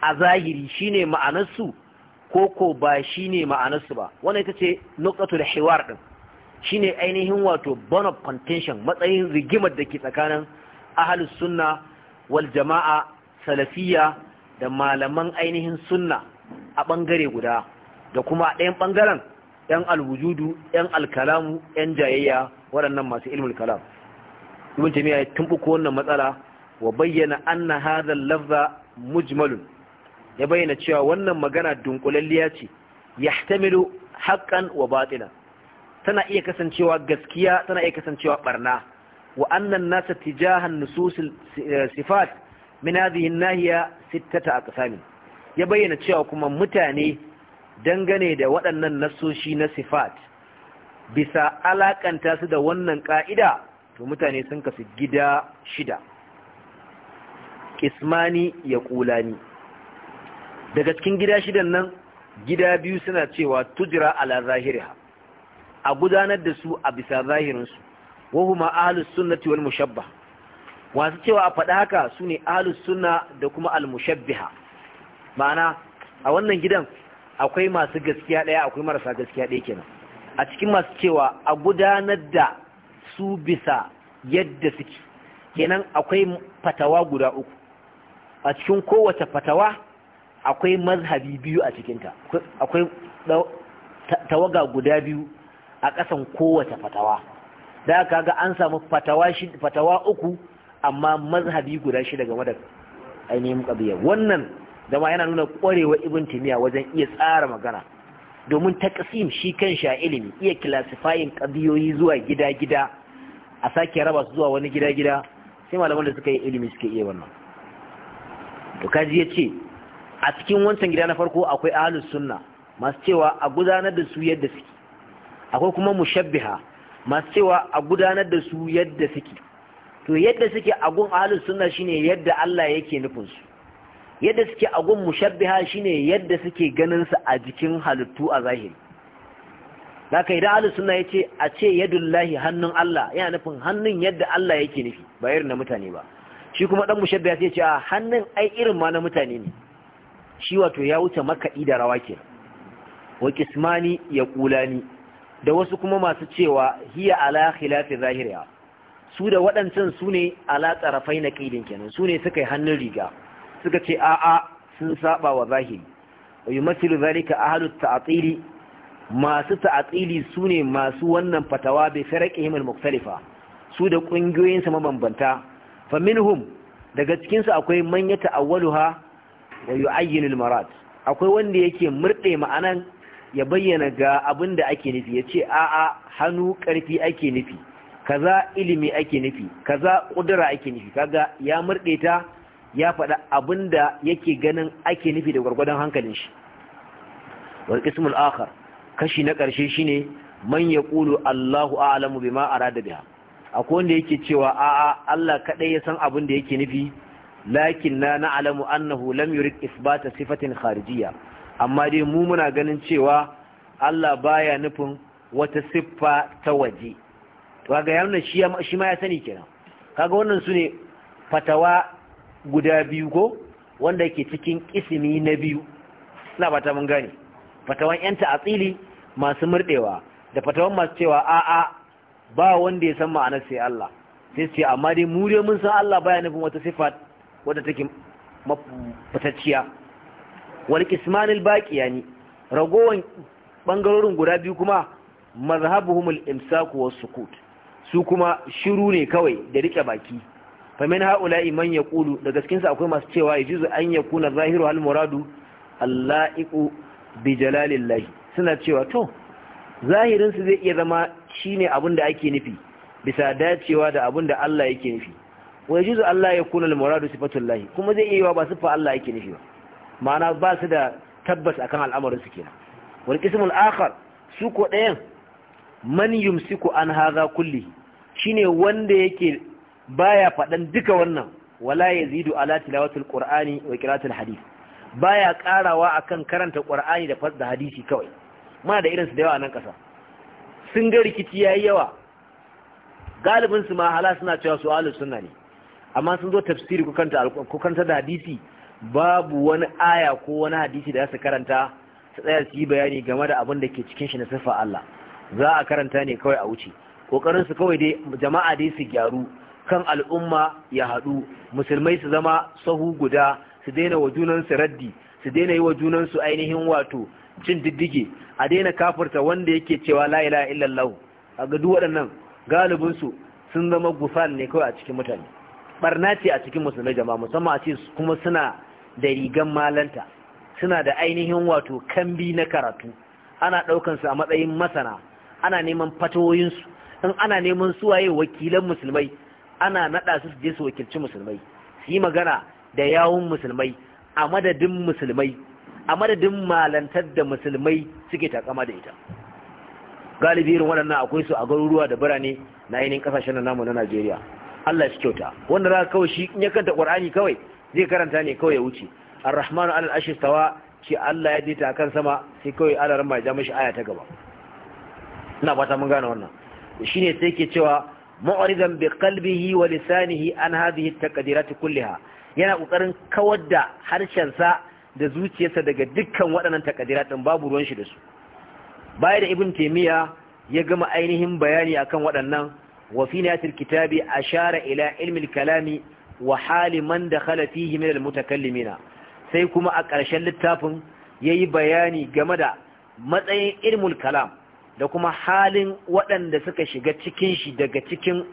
a zahiri shi ne ma'anarsu, ko ko ba shi ne ma'anarsu ba Wani ita ce hewar ɗin din shine ainihin wato bone of contention matsayin rigimar da ke tsakanin ahalus sunna wal jama'a salafiyya da malaman ainihin sunna a ɓangare guda da kuma ɗayan ɓangaren ‘yan alwujudu ‘yan alkalamu ‘yan jayayya waɗannan masu ilmin kalam ibn jami'a ya tumbuko wannan matsala wa bayyana anna hadha lafza mujmalun ya bayyana cewa wannan magana dunkulalliya ce yahtamilu haqqan wa batila tana iya kasancewa gaskiya tana iya kasancewa barna wa annan nasa tijahan nusus sifat min hadhihi an-nahiya sittata aqsam ya bayyana cewa kuma mutane dangane da waɗannan nasoshi na sifat bisa alakanta su da wannan ƙa'ida to mutane sun kasu gida shida kismani ya ƙulani daga cikin gida shidan nan gida biyu suna cewa tujira ala zahiriha a gudanar da su a bisa zahirinsu wahuma ahalus suna tiwal mushabba wasu cewa a faɗa haka su ne ahalus sunna da kuma al mushabbiha ma'ana a wannan gidan akwai masu gaskiya ɗaya akwai marasa gaskiya ɗaya kenan a cikin masu cewa a gudanar da su bisa yadda suke kenan akwai fatawa guda uku a cikin kowace fatawa akwai mazhabi biyu a cikinta akwai tawaga guda biyu a ƙasan kowace fatawa da aka ga an samu fatawa uku amma mazhabi guda shi daga wadda ainihin ƙabiyar wannan zama yana nuna ƙwarewa ibn timiya wajen iya tsara magana domin taqsim shi kan sha ilimi iya classifying qadiyoyi zuwa gida-gida a sake raba su zuwa wani gida-gida sai malaman da suka yi ilimi suke iya wannan to kaji yace a cikin wancan gida na farko akwai ahlus sunna masu cewa a gudanar da su yadda suke akwai kuma mushabbiha masu cewa a gudanar da su yadda suke to yadda suke a gun ahlus sunna shine yadda Allah yake nufin su yadda suke a gun mushabbiha shine yadda suke ganin su a jikin halittu a zahiri zaka idan ahlus sunna yace a ce yadullahi hannun Allah yana nufin hannun yadda Allah yake nufi ba irin na mutane ba shi kuma dan mushabbiha sai ce a ah, hannun ai irin ma na mutane ne shi wato ya wuce makaɗi da rawa wa kismani ya kulani da wasu kuma masu cewa hiya ala khilafi zahiriya su da waɗancan su ne ala tsarafai na ƙidin kenan su ne suka yi hannun riga suka ce a'a sun saba wa zahiri wa yumathilu zalika ahlu ta'tili masu ta'tili sune masu wannan fatawa bi farqihim al-mukhtalifa su da kungiyoyin sa mabambanta fa minhum daga cikin su akwai man ta'awwaluha wa yu'ayyin al-marad akwai wanda yake murde ma'anan ya bayyana ga abin da ake nufi yace ce a'a hannu karfi ake nufi kaza ilimi ake nufi kaza kudura ake nufi kaga ya murde ta ya faɗa abinda da yake ganin ake nufi da gwargwadon hankalin shi wa ismul akhar kashi na ƙarshe shine man yaqulu Allahu a'lamu bima arada biha akwai wanda yake cewa a'a Allah kadai ya san abin da yake nufi lakin na na'lamu annahu lam yurid isbata sifatin kharijiyya amma dai mu muna ganin cewa Allah baya nufin wata siffa ta waje to ga yana shi ma ya sani kenan kaga wannan su ne fatawa guda biyu ko wanda ke cikin isimi na biyu suna ba ta mun gani fatawan yan ta'atili masu murdewa da fatawan masu cewa a'a ba wanda ya san ma'anar sai Allah sai ce amma dai mu dai mun san Allah baya nufin wata sifa wadda take fatacciya wal baqi yani ragowan bangarorin guda biyu kuma mazhabuhumul imsaku was sukut su kuma shiru ne kawai da rike baki fa min ya man yaqulu daga cikin su akwai masu cewa yajuzu an yakuna zahiru hal muradu allaiqu bi jalalillahi suna cewa to zahirinsu zai iya zama shine abin da ake nufi bisa dacewa da abin da Allah yake nufi wa yajuzu Allah yakuna al muradu sifatullahi kuma zai iya ba sifa Allah yake nufi ba ma'ana ba su da tabbas akan al'amarin su kenan wal qismul akhar su ko ɗayan man yumsiku an hadha kulli shine wanda yake baya faɗan duka wannan wala yazidu ala tilawatul qur'ani wa qira'atul hadith baya karawa akan karanta qur'ani da da hadisi kawai muna da irin su da yawa nan kasa sun ga rikici yayi yawa galibin su ma suna cewa su ahlus sunna ne amma sun zo tafsiri ku kanta da hadisi babu wani aya ko wani hadisi da su karanta su tsaya su yi bayani game da abin da ke cikin shi na sifa Allah za a karanta ne kawai a wuce kokarin su kawai dai jama'a dai su gyaru kan al'umma ya haɗu musulmai su zama sahu guda su daina wa junansu raddi su daina yi wa junansu ainihin wato cin diddige a daina kafirta wanda yake cewa la ilaha illallah a ga waɗannan galibin su sun zama gusan ne kawai a cikin mutane barna ce a cikin musulmai jama'a musamman a ce kuma suna da rigan malanta suna da ainihin wato kambi na karatu ana ɗaukan su a matsayin masana ana neman fatawoyinsu in ana neman suwaye wakilan musulmai ana naɗa su je su wakilci musulmai su yi magana da yawun musulmai a madadin musulmai a madadin malantar da musulmai suke takama da ita galibi irin waɗannan akwai su a garuruwa da birane na kasashen ƙasashen namu na Najeriya Allah shi kyauta wanda za kawai shi in ya kanta ƙwar'ani kawai zai karanta ne kawai ya wuce Ar-Rahman al tawa ce Allah ya dita kan sama sai kawai Allah ran mai ja mashi aya ta gaba ina fata mun gane wannan shine sai ke cewa mu'ridan bi qalbihi wa lisanihi an hadhihi at-taqdirat kullaha yana kokarin kawar da harshen sa da zuciyarsa daga dukkan waɗannan takadirat din babu ruwan shi da su baya da ibn taymiya ya gama ainihin bayani akan waɗannan wa fi nihayatil kitabi ashara ila ilmi al-kalami wa hali man dakhala fihi min al-mutakallimina sai kuma a ƙarshen littafin yayi bayani game da matsayin ilmul kalam da kuma halin waɗanda suka shiga cikin shi daga cikin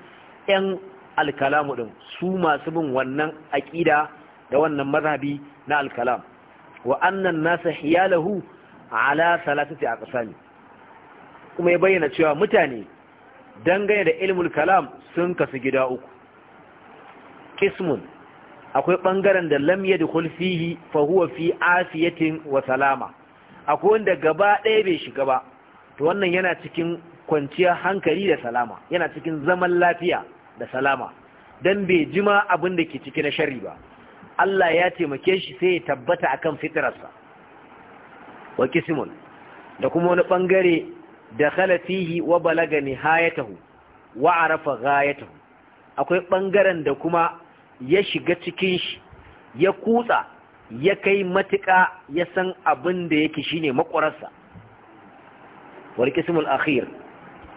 'yan alkalamu ɗin su masu bin wannan aƙida da wannan mazhabi na alkalam wa annan nasa hiyalahu ala salatati a ƙasami kuma ya bayyana cewa mutane dangane da ilmul kalam sun kasu gida uku kismun akwai ɓangaren da lam da fihi fa huwa fi afiyatin wa salama akwai wanda gaba ɗaya bai shiga ba to wannan yana cikin kwanciyar hankali da salama yana cikin zaman lafiya da salama don bai jima abin da ke ciki na shari ba Allah ya taimake shi sai ya tabbata akan fitrarsa wa kisimun da kuma wani bangare da khalatihi wa balaga nihayatahu wa arafa tahu akwai bangaren da kuma ya shiga cikin shi ya kutsa ya kai matuka, ya san abin da yake shine makwararsa wal qismul akhir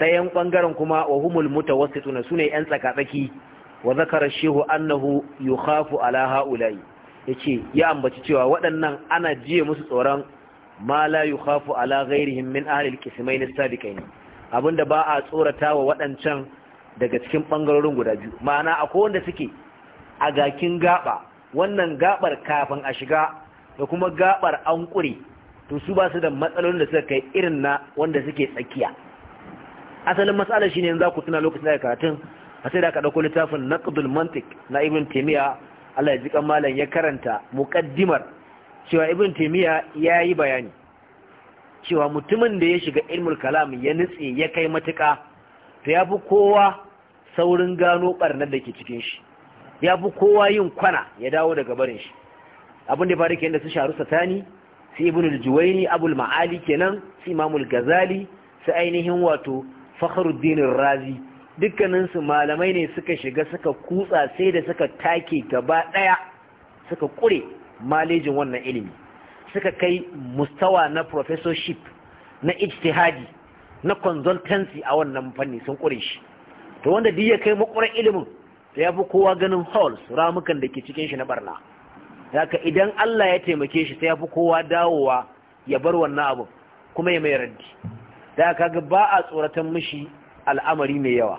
yan ɓangaren kuma wa humul mutawassituna sune yan tsakatsaki wa zakara shehu annahu yukhafu ala haula'i yace ya ambaci cewa waɗannan ana jiye musu tsoron ma la yukhafu ala ghairihim min ahli al-qismayn as sabiqain abinda ba a tsorata wa waɗancan daga cikin ɓangarorin guda biyu ma'ana akwai wanda suke a gakin gaba wannan gabar kafin a shiga da kuma gabar an kure to su ba su da matsalolin da suka kai irin na wanda suke tsakiya asalin matsalar shine yanzu ku tuna lokacin da karatun a sai da aka dauko littafin naqdul mantiq na ibn timiya Allah ya ji kan malam ya karanta muqaddimar cewa ibn ya yi bayani cewa mutumin da ya shiga ilmul kalam ya nitse ya kai matuka to ya fi kowa saurin gano barnar da ke cikin shi ya fi kowa yin kwana ya dawo daga barin shi abin da ya faru kenan da su sharu satani su ibn al-juwaini al ma'ali kenan su imam al-ghazali su ainihin wato fakhruddin razi dukkanin su malamai ne suka shiga suka kutsa sai da suka take gaba daya suka kure malejin wannan ilimi suka kai mustawa na professorship na ijtihadi na consultancy a wannan fanni sun kure shi to wanda duk ya kai makurar ilimin ya fi kowa ganin halls ramukan da ke cikin shi na barna haka idan Allah ya taimake shi sai ya fi kowa dawowa ya bar wannan abu kuma ya mai raddi da kaga ba a tsoratan mishi al'amari mai yawa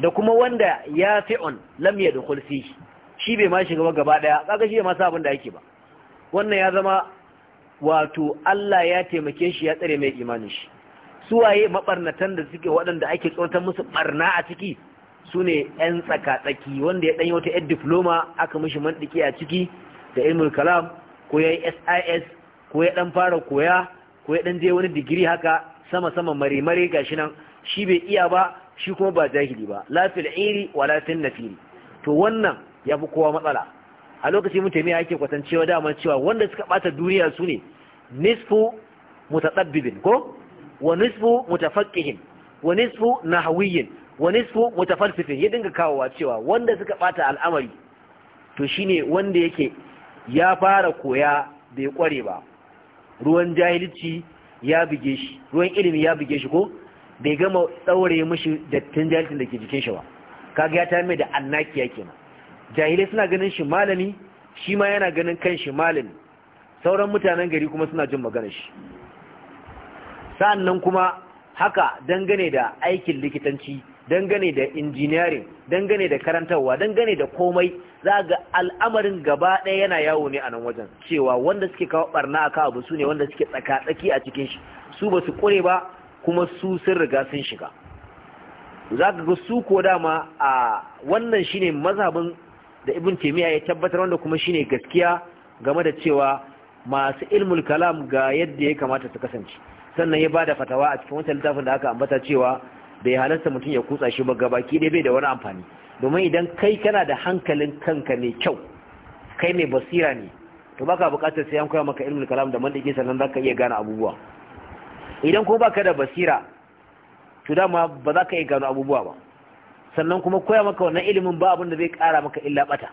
da kuma wanda ya fi'un lam ya dukul fi shi bai ma shiga gaba daya kaga shi ma sa abin da yake ba wannan ya zama wato Allah ya taimake shi ya tsare mai imanin shi suwaye mabarnatan da suke waɗanda ake tsoratan musu ɓarna a ciki su ne 'yan tsaka-tsaki wanda ya yi wata 'yan diploma aka mishi mandiki a ciki da ilmul kalam ko ya yi sis ko ya dan fara koya ko ya dan je wani digiri haka sama sama mare mare gashi nan shi bai iya ba shi kuma ba jahili ba la fil iri wa la fil nafiri to wannan ya fi kowa matsala a lokacin mun taimiya yake kwatancewa daman cewa wanda suka bata duniya su ne nisfu mutatabbibin ko wa nisfu mutafaqqihin wa nisfu nahwiyyin wa nisfu mutafalsifin ya dinga kawowa cewa wanda suka bata al'amari to shine wanda yake ya fara koya bai kware ba ruwan jahilci ya bige shi ruwan ilimi ya buge shi ko bai gama tsaure mishi dattin jahilcin da ke jikin shi ba kaga ya ta mai da annakiya kenan jahilai suna ganin shi malami shi ma yana ganin kan shi malami sauran mutanen gari kuma suna jin maganar shi Sannan kuma haka dangane da aikin likitanci dangane da injiniyarin dangane da karantarwa dangane da komai za ga al'amarin gaba ɗaya yana yawo ne a nan wajen cewa wanda suke kawo barna a abu su ne wanda suke tsaka-tsaki a cikin shi su ba su ƙure ba kuma su sun riga sun shiga za ka ga su ko dama a wannan shine mazhabin da ibin taimiyya ya tabbatar wanda kuma shi ne gaskiya game da cewa masu ilmul kalam ga yadda ya kamata su kasance sannan ya bada fatawa a cikin wancan littafin da aka ambata cewa bai halarta mutum ya kutsa shi ba gabaki dai bai da wani amfani domin idan kai kana da hankalin kanka mai kyau kai mai basira ne to baka bukatar sai an koya maka ilmin kalam da mandiki sannan zaka iya gane abubuwa idan ko baka da basira to dama ba za ka iya gano abubuwa ba sannan kuma koya maka wannan ilimin ba abin da zai kara maka illa bata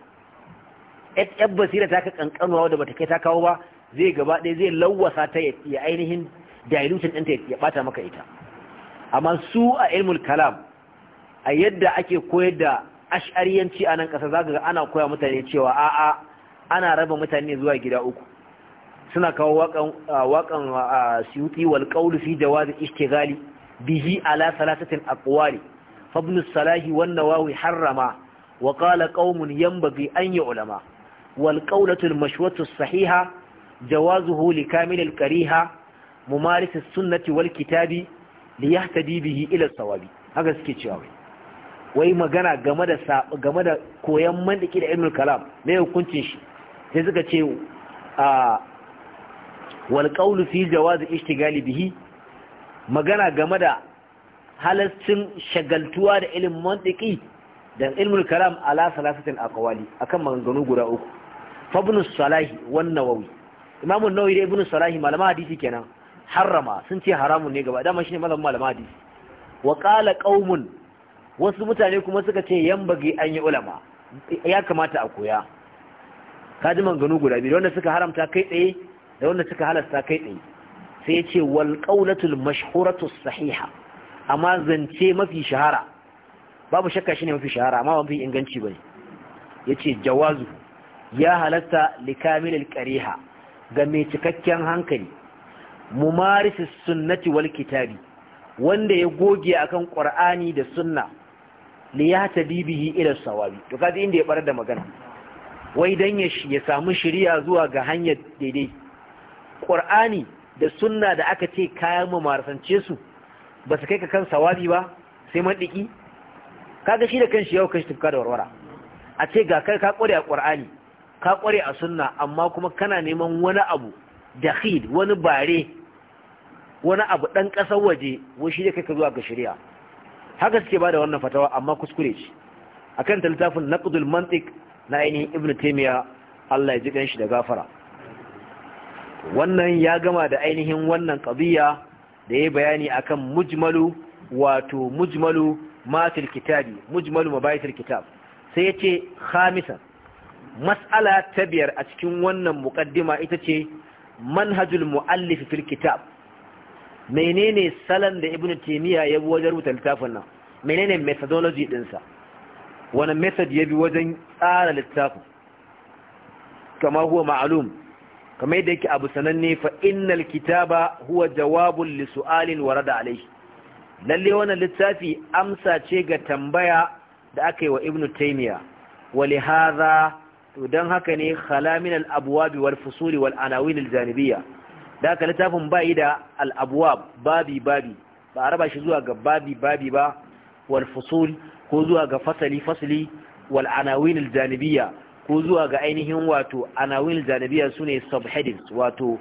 yan basira ta ka kankanuwa wadda bata kai ta kawo ba zai gaba ɗaya zai lawwasa ta ya ainihin dilution ɗinta ya bata maka ita amma su a ilmul kalam a yadda ake koyar da ash'ariyanci a nan ƙasa za ga ana koya mutane cewa a'a ana raba mutane zuwa gida uku suna kawo waƙan siyuti wal qawlu fi jawaz ishtighali bihi ala salatatin aqwali fabnu salahi wanda nawawi harrama wa qala yan yanbaghi an ulama wal qawlatu al sahiha jawazuhu li kamil kariha mumaris sunnati wal kitabi li bihi ila sawabi haka suke cewa wai magana game da game da koyan mandiki da ilmul kalam me hukuncin shi sai suka ce a wal qawlu fi jawaz ishtigali bihi magana game da halascin shagaltuwa da ilmul mantiki da ilmul kalam ala salasatin aqwali akan maganganu guda uku fa ibn salahi wan nawawi imam an-nawawi da ibn salahi malama hadisi kenan harrama sun ce haramun ne gaba dama shine malamin malama hadisi wa qala qaumun wasu mutane kuma suka ce yan bagi an yi ulama ya kamata a koya ka ji manganu guda biyu wanda suka haramta kai tsaye da wanda suka halasta kai tsaye sai ce wal qaulatul mashhuratu sahiha amma zance mafi shahara babu shakka shine mafi shahara amma mafi inganci bane yace jawazu ya halatta al qariha ga mai cikakken hankali mumarisis sunnati wal kitabi wanda ya goge akan qur'ani da sunna li yahtadi bihi ila sawabi to kaji inda ya bar da magana wai dan ya ya samu shari'a zuwa ga hanyar daidai qur'ani da sunna da aka ce kayan mu marasance su ba su kai ka kan sawabi ba sai mandiki kaga shi da kanshi yau kanshi tufka da warwara a ce ga kai ka kware a qur'ani ka kware a sunna amma kuma kana neman wani abu dakhil wani bare wani abu dan kasar waje wai shi da kai ka zuwa ga shari'a haka suke bada wannan fatawa amma kuskure ce akan talitafin naqdul mantiq na ainihin ibnu taymiya Allah ya ji shi da gafara wannan ya gama da ainihin wannan qadiya da yayi bayani akan mujmalu wato mujmalu ma kitabi mujmalu mabaithil kitab sai yace khamisan mas'ala ta biyar a cikin wannan muqaddima ita ce manhajul muallif fil kitab menene salon da ibn taymiya ya bi wajen rubuta littafin nan menene methodology dinsa wani method ya bi wajen tsara littafin kama huwa ma'alum kamar yadda yake abu sananne fa innal kitaba huwa jawabun li su'alin warada alayhi lalle wannan littafi amsa ce ga tambaya da aka yi wa ibn taymiya wa li hadha to dan haka ne khala min al abwab wal fusuli wal anawin al janibiyya da aka littafin bayi da al'abuwa babi babi ba a raba shi zuwa ga babi babi ba wal fusul ko zuwa ga fasali fasali wal anawin janibiya ko zuwa ga ainihin wato anawin janibiya ne subheadings wato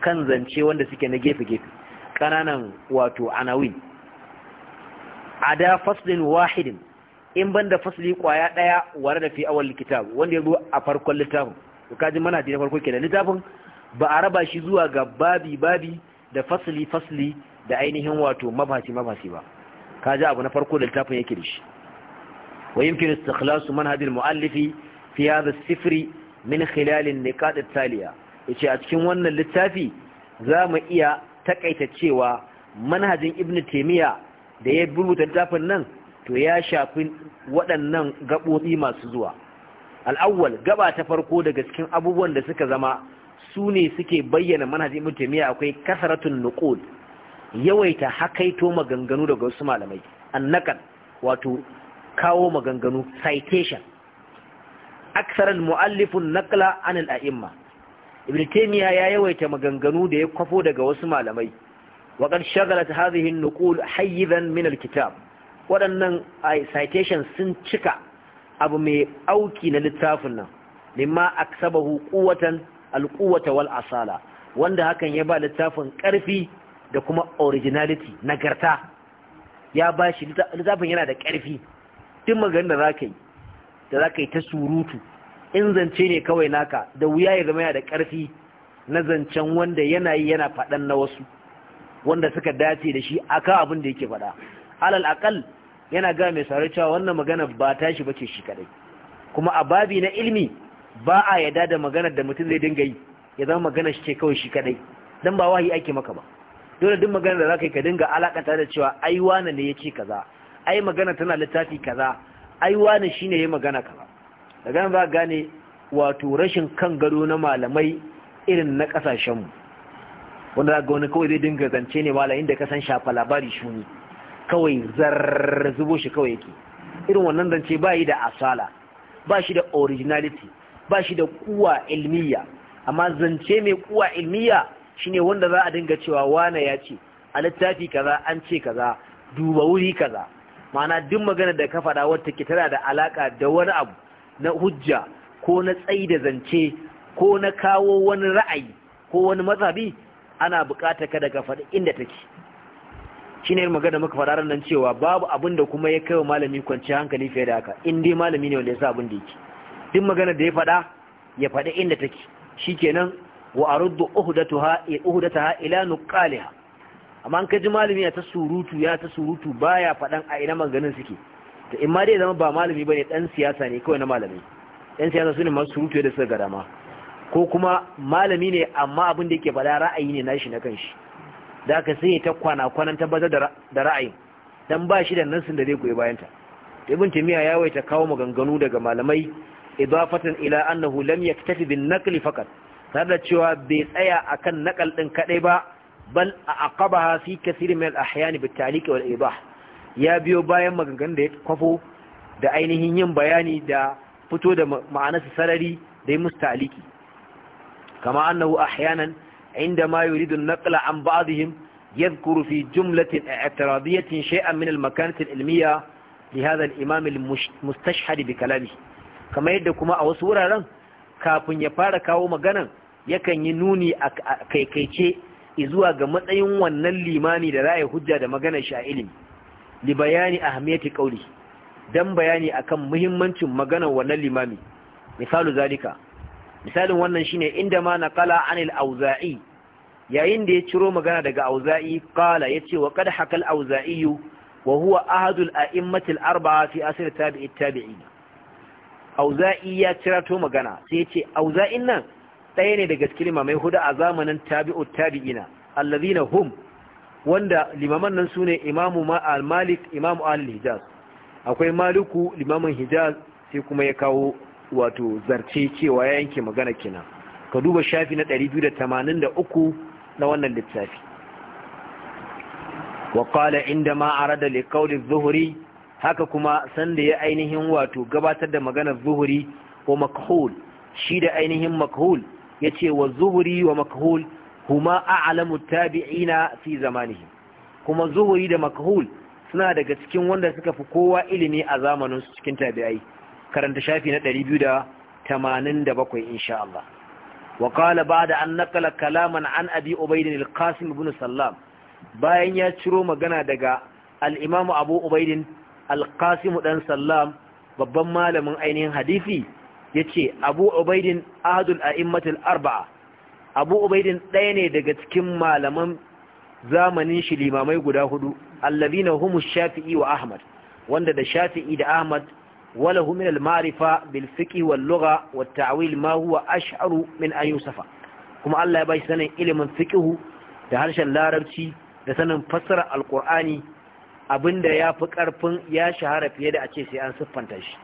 kan zance wanda suke na gefe gefe kananan wato anawin da fasalin wahidin in banda fasali kwaya daya wara da fi awon kitab wanda ya zo a farkon littafin to kaji mana na farko kenan littafin ba a raba shi zuwa ga babi babi da fasli fasli da ainihin wato mafasi mafasi ba ka ji abu na farko da littafin yake da shi wa yumkin istikhlasu manhajil muallifi fi hadha sifri min khilal an-niqat ya taliya yace a cikin wannan littafi za mu iya takaita cewa manhajin ibnu taymiya da ya rubuta littafin nan to ya shafi waɗannan gaɓoɓi masu zuwa al'awwal gaba ta farko daga cikin abubuwan da suka zama su ne suke bayyana manhajin ibn taymiya akwai kasaratun nuqul yawaita hakaito maganganu daga wasu malamai annakan wato kawo maganganu citation aksar al-mu'allifun naqla an al-a'imma ibn taymiya ya yawaita maganganu da ya kwafo daga wasu malamai wa kan shagalat hadhihi an-nuqul min al-kitab waɗannan citation sun cika abu mai auki na littafin nan limma aksabahu quwwatan Alƙuwata wal asala wanda hakan ya ba littafin karfi da kuma originality garta ya ba shi littafin yana da karfi duk maganin da zaka yi da zaka yi ta surutu in zance ne kawai naka da wuya ya zama yana da karfi na zancen wanda yana yi yana faɗan na wasu wanda suka dace da shi akan abin da yake faɗa alal aqal yana ga mai saurari cewa wannan magana ba tashi bace shi kadai kuma a babi na ilmi ba a yada da magana da mutum zai dinga yi ya zama magana shi ce kawai shi kadai dan ba wahi ake maka ba dole duk magana da zaka yi ka dinga alakata da cewa ai wani ne yace kaza ai magana tana littafi kaza ai wani shine yayi magana kaza daga nan za gane wato rashin kan gado na malamai irin na kasashen mu wanda za wani kawai zai dinga zance ne mala inda ka san shafa labari shuni kawai zar zubo shi kawai yake irin wannan zance ba yi da asala ba shi da originality ba shi da kuwa ilmiya amma zance mai kuwa ilmiya shine wanda za a dinga cewa wane ya ce a littafi kaza an ce kaza duba wuri kaza ma'ana duk magana da ka faɗa wata ke tana da alaka da wani abu na hujja ko na tsayi da zance ko na kawo wani ra'ayi ko wani mazhabi ana buƙatar ka daga faɗi inda take shine yin magana muka faɗa nan cewa babu abin da kuma ya kai wa malami kwanci hankali fiye da haka in dai malami ne wanda ya sa abin da yake duk maganar da ya faɗa ya faɗi inda take shikenan wa aruddu uhdatuha uhdataha ila nuqaliha amma an kaji malami ya ta surutu ya ta surutu baya faɗan a ina maganin suke to in ma dai zama ba malami bane dan siyasa ne kawai na malami dan siyasa ne masu surutu da suka gada ma ko kuma malami ne amma abin da yake faɗa ra'ayi ne nashi na kanshi da aka sai ta kwana kwanan tabbatar da ra'ayin dan ba shi da nassin da zai goyi bayanta ibn timiya ya waita kawo maganganu daga malamai إضافة إلى أنه لم يكتفي بالنقل فقط هذا تبدأ بإسأي أكن نقل انكتبا بل أعقبها في كثير من الأحيان بالتعليق والإيضاح يا بيو بايان مغنقن ديت قفو دا أينهين بياني دا فتو دا معنى سسرري دا مستعليكي كما أنه أحيانا عندما يريد النقل عن بعضهم يذكر في جملة اعتراضية شيئا من المكانة العلمية لهذا الإمام المستشحر بكلامه kamar yadda kuma a wasu wuraren kafin ya fara kawo maganan yakan yi nuni a kaikaice zuwa ga matsayin wannan limami da ra'ayi hujja da magana shi a ilimi li bayani ahmiyati qawli dan bayani akan muhimmancin maganar wannan limami misalu zalika misalin wannan shine inda ma naqala anil auza'i yayin da ya ciro magana daga auza'i qala yace wa qad hakal auza'i wa huwa ahadul a'immatil arba'a fi asr tabi'i tabi'in auza'i ya cirato magana sai ya ce auza'in nan ɗaya ne daga cikin limamai huda a zamanin tabi'u tabi'ina allazina hum wanda limaman nan sune imamu malik imamu al-hijaz akwai maliku limamin hijaz sai kuma ya kawo wato zarce cewa ya yanke magana kenan ka duba shafi na 283 na wannan littafi وقال عندما da لقول الظهري haka kuma sanda ya ainihin wato gabatar da maganar zuhuri wa makhul shi da ainihin makhul ce wa zuhuri wa makhul huma a'lamu tabi'ina fi zamanihi kuma zuhuri da makhul suna daga cikin wanda suka fi kowa ilimi a zamanin su cikin tabi'ai karanta shafi na 287 insha Allah wa qala ba'da an naqala kalaman an abi ubayd al-qasim ibn sallam bayan ya ciro magana daga al-imam abu ubayd alqasimu ɗan sallam babban malamin ainihin hadisi yace abu ubaidin ahadul a'immatul arba'a abu ubaidin ɗaya ne daga cikin malaman zamanin shi limamai guda hudu allazina humu shafi'i wa ahmad wanda da shafi'i da ahmad wala hum min al-ma'rifa bil fiqh wal lugha wat ta'wil ma huwa ash'aru min an yusafa kuma Allah ya bashi sanin ilimin fiqh da harshen larabci da sanin fassara al al-qur'ani abin da ya fi ƙarfin ya shahara fiye da a ce sai an siffanta shi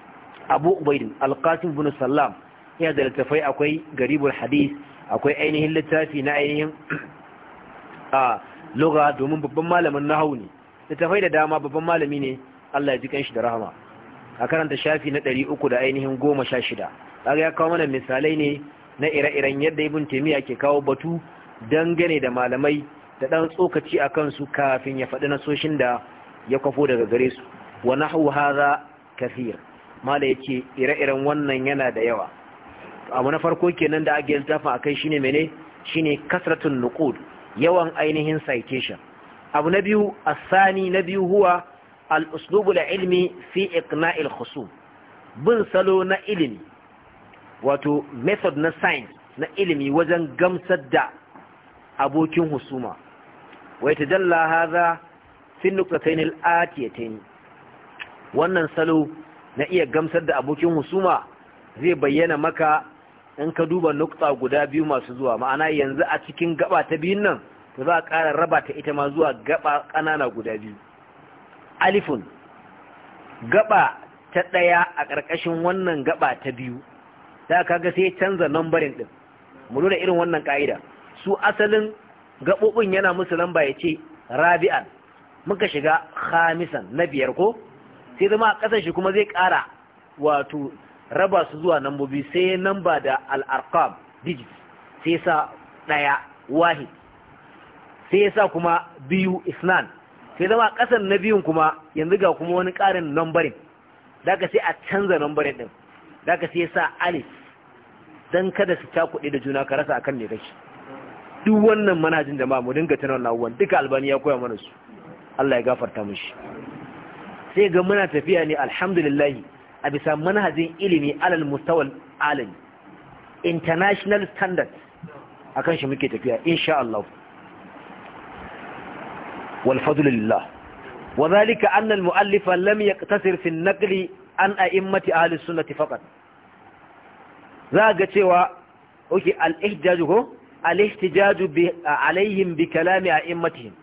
abu ubaidu alƙasim bin salam ya da littafai akwai garibul hadis akwai ainihin littafi na ainihin a loga domin babban malamin nahawu ne littafai da dama babban malami ne Allah ya ji shi da rahama a karanta shafi na ɗari uku da ainihin goma sha shida kaga ya kawo mana misalai ne na ire-iren yadda ibn taimiyya ke kawo batu dangane da malamai da ɗan tsokaci a kansu kafin ya faɗi nasoshin da ya kwafo daga gare su wa nahwu hadha kathir mala yace ire-iren wannan yana da yawa abu na farko kenan da ake littafa akai shine mene shine kasratun nuqud yawan ainihin citation abu na biyu asani na biyu huwa al-uslubul ilmi fi iqna'il khusum bin salo na ilimi wato method na science na ilimi wajen gamsar da abokin husuma wai tajalla hadha fin nuqtatain ta atiyatain wannan salo na iya gamsar da abokin husuma zai bayyana maka in ka duba nukta guda biyu masu zuwa ma'ana yanzu a cikin gaba ta biyun nan to za a ƙara raba ta ita ma zuwa gaba ƙanana guda biyu alifun gaba ta ɗaya a ƙarƙashin wannan gaba ta biyu da kaga sai canza lambarin ɗin mu lura irin wannan ƙa'ida su asalin gaɓoɓin yana musu lamba ya ce rabi'an muka shiga khamisan na biyar ko sai zama a ƙasar shi kuma zai kara wato raba su zuwa nambobi sai namba da al'arqam digit sai sa ɗaya wahid sai sa kuma biyu isnan sai zama ƙasar na biyun kuma yanzu ga kuma wani karin nambarin da sai a canza nambarin ɗin da sai sa alif don kada su ta kuɗe da juna ka rasa akan ne kake duk wannan manajin jama'a mu dinga na wannan duka albani ya koya mana su Allah ya gafarta mishi sai ga muna tafiya ne alhamdulillah a bisa manhajin ilimi alal mustawal alami international standard akan shi muke tafiya insha Allah wal fadlu lillah wa dhalika anna al muallifa lam yaqtasir fi an-naqli an a'immati ahli sunnati faqat za ga cewa okay al-ihtijaj ko al-ihtijaj bi alaihim bi kalami a'immatihim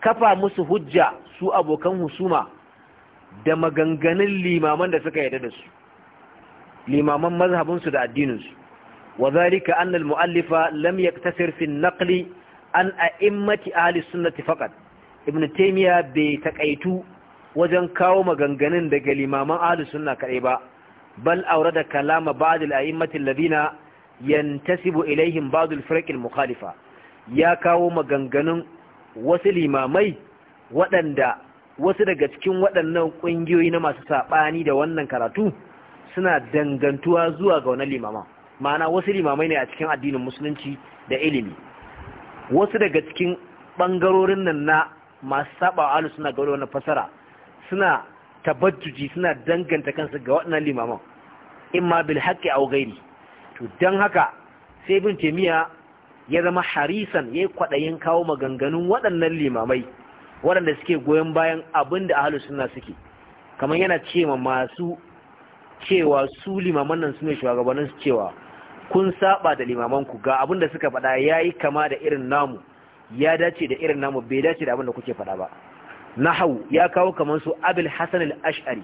kafa musu hujja su abokan husuma da maganganun limaman da suka yarda da su limaman mazhabinsu da addininsu wa zalika anna al-mu'allifa lam yaktasir fi an a an a'immati ahli sunnati faqat ibn taymiya bai takaitu wajen kawo maganganun daga limaman ahli sunna kadai ba bal awrada kalama ba'd al-a'immati alladhina yantasibu ilaihim ba'd al-firq al-mukhalifa ya kawo maganganun wasu limamai waɗanda wasu daga cikin waɗannan ƙungiyoyi na masu saɓani da wannan karatu suna dangantuwa zuwa ga wani limama ma'ana wasu limamai ne a cikin addinin musulunci da ilimi wasu daga cikin ɓangarorin nan na masu saɓa alu suna ga wani fasara suna tabajjuji suna danganta kansu ga waɗannan limaman in ma bil haƙƙi a gairi to don haka sai bin taimiyya ya zama harisan ya yi kwaɗayin kawo maganganun waɗannan limamai waɗanda suke goyon bayan abin da ahalus suna suke kamar yana ce masu cewa su limaman nan su ne shugabannin su cewa kun saba da limaman ku ga abin da suka faɗa ya yi kama da irin namu ya dace da irin namu bai dace da abin da kuke faɗa ba Na hau ya kawo kamar su abul hasan al-ash'ari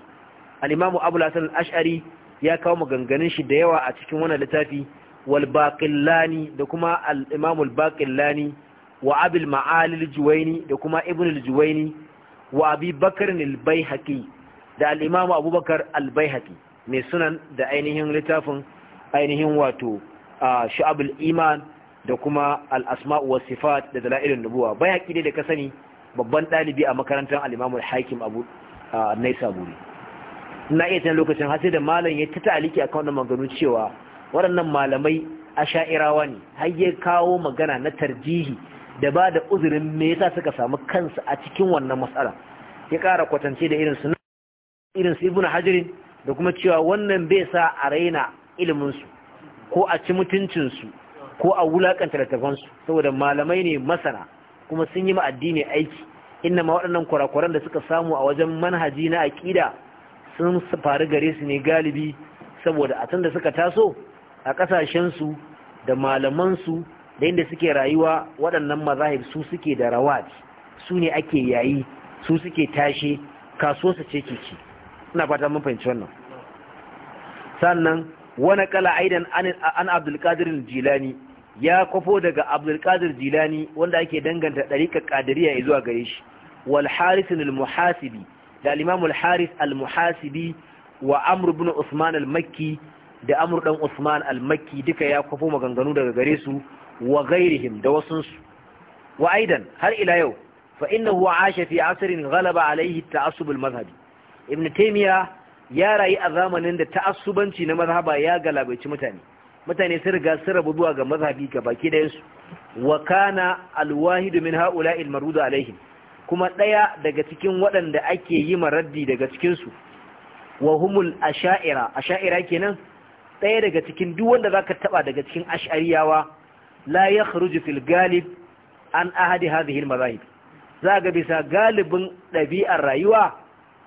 al abul ashari ya kawo maganganun shi da yawa a cikin wannan littafi walbaƙillani da kuma al'imamul baƙillani wa abil ma'alil juwaini da kuma ibn al-juwaini wa abi bakar al-baihaqi da al'imamu abubakar al mai sunan da ainihin littafin ainihin wato sha'abul iman da kuma al-asma'u was sifat da dalailun nubuwa baihaqi dai da ka sani babban ɗalibi a makarantar al-imamu al-hakim abu na iya tana lokacin har sai da malam ya ta taliki akan wannan maganganu cewa waɗannan malamai a shairawa ne har ya kawo magana na tarjihi da ba da uzurin me yasa suka samu kansu a cikin wannan matsala ya ƙara kwatance da irin su irin su na hajirin da kuma cewa wannan bai sa a raina iliminsu ko a ci mutuncinsu, ko a wulakanta littafan su saboda malamai ne masana kuma sun yi ma addini aiki inna ma waɗannan kurakuran da suka samu a wajen manhaji na aƙida sun faru gare su ne galibi saboda a tun da suka taso a ƙasashensu da malamansu da inda suke rayuwa waɗannan mazahib su suke da rawat su ne ake yayi su suke tashe su ce ke ina fata mun fahimci wannan sannan wani kala aidan an qadir jilani ya kwafo daga abdulkadir jilani wanda ake danganta ɗariƙar ƙadiriya zuwa gare shi wal harith al-muhasibi da al-imam al muhasibi wa amr ibn usman al-makki da amur dan usman al-makki duka ya kwafo maganganu daga gare su wa ghairihim da wasunsu wa aidan har ila yau fa innahu asha fi asrin ghalaba alayhi ta'assub al-madhhabi ibn taymiya ya rayu a zamanin da ta'assubanci na mazhaba ya galabaici mutane mutane sun riga sun rabu ga mazhabi ga baki da yansu wa kana al-wahid min ha'ula'i al-marud kuma ɗaya daga cikin waɗanda ake yi maraddi daga cikin su wa humul asha'ira asha'ira kenan ɗaya daga cikin duk wanda za ka taɓa daga cikin ash'ariyawa la yakhruju fil galib an ahadi hadhihi al mazahib za ga bisa galibin ɗabi'ar rayuwa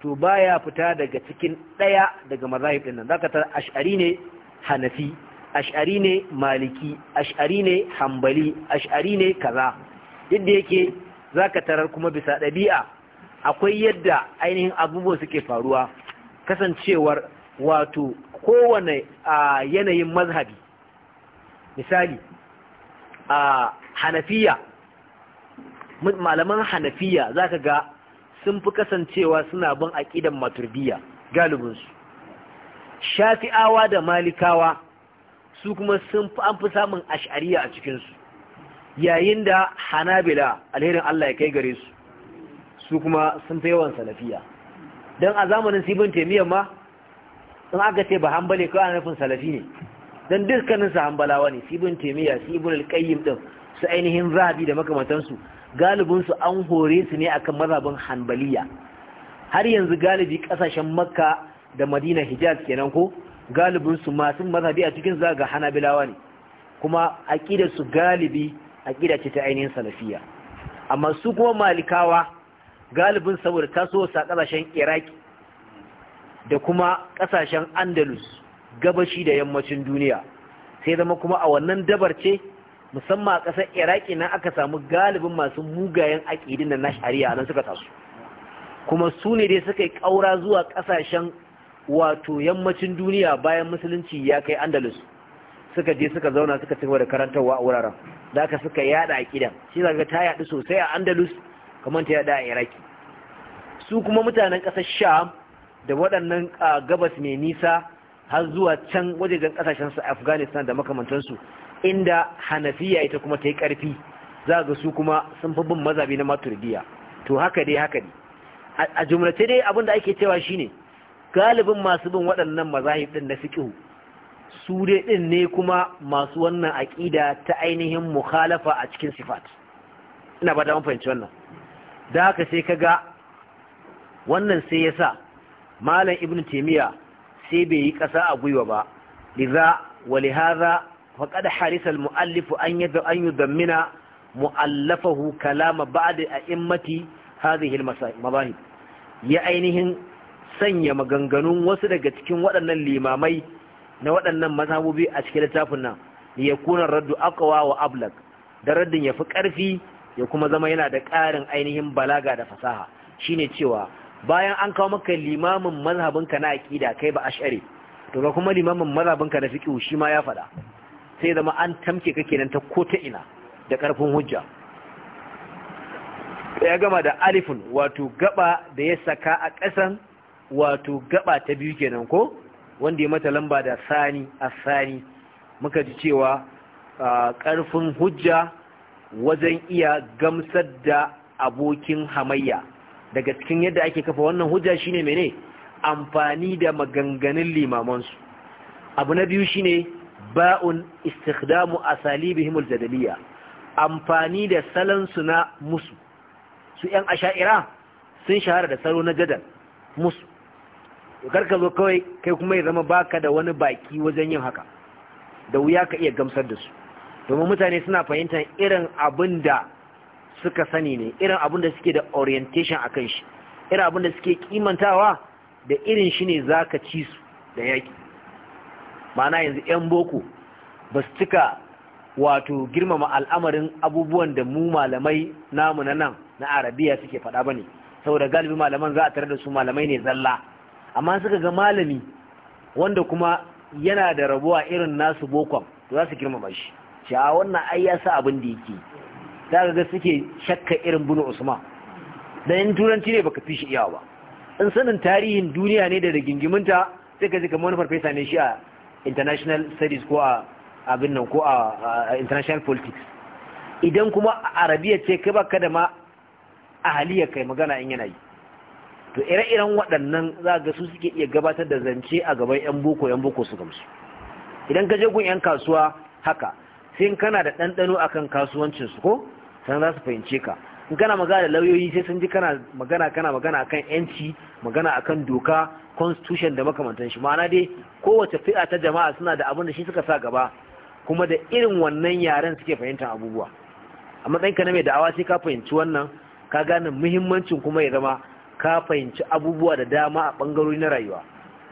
to baya fita daga cikin ɗaya daga mazahib ɗin nan zaka ta ash'ari ne hanafi ash'ari ne maliki ash'ari ne hambali ash'ari ne kaza yadda yake zaka tarar kuma bisa ɗabi'a akwai yadda ainihin abubuwa suke faruwa kasancewar wato kowane a yanayin mazhabi misali a hanafiya malaman hanafiya za ka ga sun fi kasancewa suna bin aƙidan maturbiya galibinsu shafi'awa da malikawa su kuma sun fi an fi samun ash'ariya a cikinsu yayin da hanabila alherin Allah ya kai gare su su kuma sun fi yawan salafiya don a zamanin sibin taimiyyar ma in aka ce ba hambale kawai ana nufin salafi ne don dukkanin su hambalawa ne su bin taimiyya su alƙayyim din su ainihin zabi da makamantansu galibinsu an hore su ne akan mazhabin hanbaliya har yanzu galibi kasashen makka da madina hijaz kenan ko galibin masu mazhabi a cikin zaga hanabilawa ne kuma aqidar su galibi aqida ce ta ainihin salafiya amma su kuma malikawa galibin saboda taso sa kasashen iraki da kuma ƙasashen andalus gabashi da yammacin duniya sai zama kuma a wannan dabar ce musamman a ƙasar iraki nan aka samu galibin masu mugayen aƙidin da na shari'a nan suka tasu kuma su ne dai suka yi ƙaura zuwa ƙasashen wato yammacin duniya bayan musulunci ya kai andalus suka je suka zauna suka cigaba da karantarwa a wuraren da aka suka yada aƙidan shi zaga ta yaɗu sosai a andalus kamar ta yada a iraki su kuma mutanen ƙasar sham da waɗannan gabas mai nisa har zuwa can wajejen ƙasashen su afghanistan da makamantansu inda hanafiya ita kuma ta yi ƙarfi za ga su kuma sun fi bin mazabi na maturidiya to haka dai haka ne a jumlace dai abin da ake cewa shine galibin masu bin waɗannan mazahib ɗin na fiqhu su dai ɗin ne kuma masu wannan aƙida ta ainihin mukhalafa a cikin sifat ina ba da mafahimci wannan da haka sai ka ga wannan sai ya sa. malam ibn taimiyya sai bai yi ƙasa a gwiwa ba liza wa lihaza faƙad harisal mu'allifu an yi zammina mu'allafahu kalama ba'da a'immati hadhihi al-mabahib ya ainihin sanya maganganun wasu daga cikin waɗannan limamai na waɗannan mazhabobi a cikin littafin nan ya kuna raddu aqwa wa ablaq da raddin ya fi ƙarfi ya kuma zama yana da ƙarin ainihin balaga da fasaha shine cewa bayan an kawo maka limamin mazhabinka na aqida kai ba ash'ari to ga kuma limamin mazhabinka na fiqh shi ma ya faɗa sai zama an tamke ka kenan ta ko ta ina da karfin hujja ya gama da alifun wato gaba da ya saka a ƙasan wato gaba ta biyu kenan ko wanda ya mata lamba da sani asani muka ji cewa ƙarfin hujja wajen iya gamsar da abokin hamayya daga cikin yadda ake kafa wannan hujja shine mene amfani da maganganun limamansu abu na biyu shine ba'un istikdamu asalibihim aljadaliya amfani da salansu na musu su yan asha'ira sun shahara da salo na jadal musu karka zo kawai kai kuma ya zama baka da wani baki wajen yin haka da wuya ka iya gamsar da su domin mutane suna fahimtar irin abin da suka sani ne irin abin da suke da orientation a kan shi irin abin da suke kimantawa da irin shi ne za ka ci su da yaƙi mana yanzu 'yan boko ba su cika wato girmama al'amarin abubuwan da mu malamai namu na nan na arabiya suke faɗa ba ne saboda galibi malaman za a tare da su malamai ne zalla amma suka ga malami wanda kuma yana da rabuwa irin nasu bokon za su girmama shi cewa wannan ai ya sa abin da yake za ga suke shakka irin bunu usman da yin turanci ne baka fi shi iya ba in sanin tarihin duniya ne da rigingiminta sai ka zika wani farfesa ne shi a international studies ko a abin nan ko a international politics idan kuma arabiya ce ka baka da ma ya kai magana in yana yi to ire-iren waɗannan za ga su suke iya gabatar da zance a gaban 'yan boko 'yan boko su gamsu idan ka je gun 'yan kasuwa haka sai kana da ɗanɗano akan kasuwancinsu ko sannan za su fahimce ka in kana magana da lauyoyi sai sun ji kana magana kana magana akan yanci magana akan doka constitution da makamantan shi ma'ana dai kowace fi'a ta jama'a suna da abin da shi suka sa gaba kuma da irin wannan yaren suke fahimtar abubuwa a matsayin ka na mai da'awa sai ka fahimci wannan ka gane muhimmancin kuma ya zama ka fahimci abubuwa da dama a bangarori na rayuwa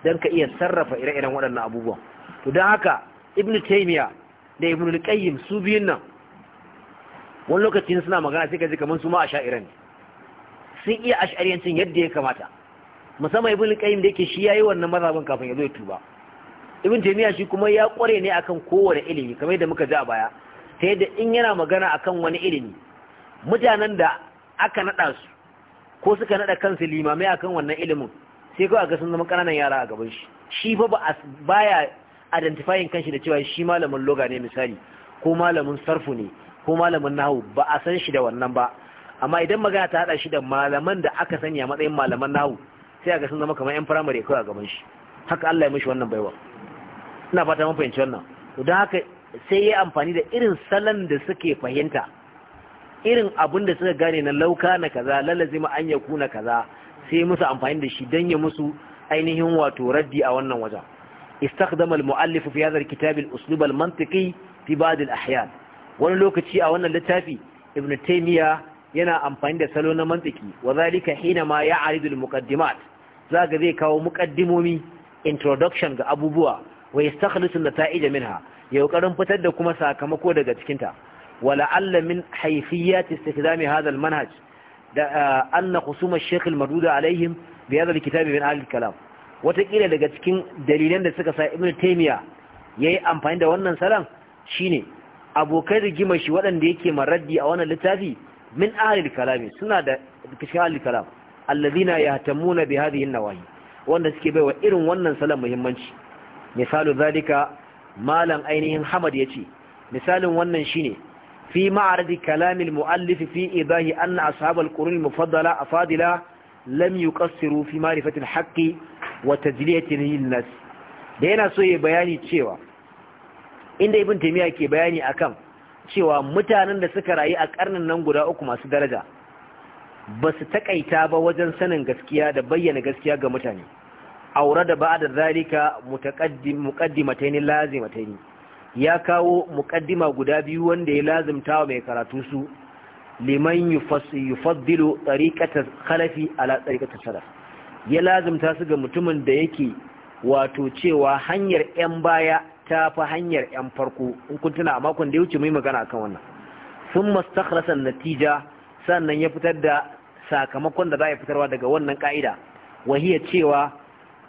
don ka iya sarrafa ire-iren waɗannan abubuwan to don haka ibnu taymiya da ibnu su biyun nan wani lokacin suna magana sai ka ji kamar su ma ne. sun iya ashariyancin yadda ya kamata musamman ibn qayyim da yake shi yayi wannan mazhabin kafin ya zo ya tuba ibn jami'a shi kuma ya kware ne akan kowane ilimi kamar yadda muka ji a baya ta yadda in yana magana akan wani ilimi mutanen da aka nada su ko suka nada kansu limamai akan wannan ilimin sai kawai ga sun zama kananan yara a gaban shi shi fa ba baya identifying kanshi da cewa shi malamin loga ne misali ko malamin sarfu ne ko malamin nahu ba a san shi da wannan ba amma idan magana ta hada shi da malaman da aka sani a matsayin malaman nahu sai ga sun zama kamar yan firamare kawai a gaban shi haka Allah ya mishi wannan baiwa ina fata mun fahimci wannan to dan haka sai ya amfani da irin salan da suke fahimta irin abun da suka gane na lauka na kaza lalazima an ya na kaza sai musu amfani da shi dan ya musu ainihin wato raddi a wannan wajen istakhdama Muallifu fi hadha al-kitab al fi ba'd wani lokaci a wannan littafi ibn taymiya yana amfani da salo na mantiki wa zalika hina ma ya aridul muqaddimat zaka zai kawo muqaddimomi introduction ga abubuwa wa yastakhlisu nata'ij minha ya kokarin fitar da kuma sakamako daga cikin ta wala alla min hayfiyat istikdami hadha al-manhaj da eh, anna khusum al-shaykh al alaihim bi hadha al-kitab min ahli al-kalam watakila daga cikin dalilan da suka sa ibn taymiya yayi amfani da wannan salon shine abokai rigimar shi waɗanda yake maraddi a wannan littafi min ahlil kalami suna da cikin ahlil kalam allazina yahtamuna bi yin nawahi wanda suke baiwa irin wannan salon muhimmanci misalu zalika malam ainihin hamad ce misalin wannan shine fi ma'aradi kalamil muallif fi idahi anna ashabal qurun mufaddala afadila lam yuqassiru fi ma'rifati al-haqqi wa tajliyatihi lin-nas da yana so ya bayani cewa inda ibn taymiya ke bayani akan cewa mutanen da suka rayu a karnin nan guda uku masu daraja ba su takaita ba wajen sanin gaskiya da bayyana gaskiya ga mutane aure da ba da zalika muqaddimatayn lazimatayn ya kawo muqaddima guda biyu wanda ya lazimta wa mai karatu su liman yufaddilu tariqata khalafi ala tariqata salaf ya lazimta su ga mutumin da yake wato cewa hanyar yan baya ta fi hanyar yan farko in kun tuna a makon da ya wuce mai magana kan wannan sun mastakhrasa natija sannan ya fitar da sakamakon da za a fitarwa daga wannan ka'ida wahiya cewa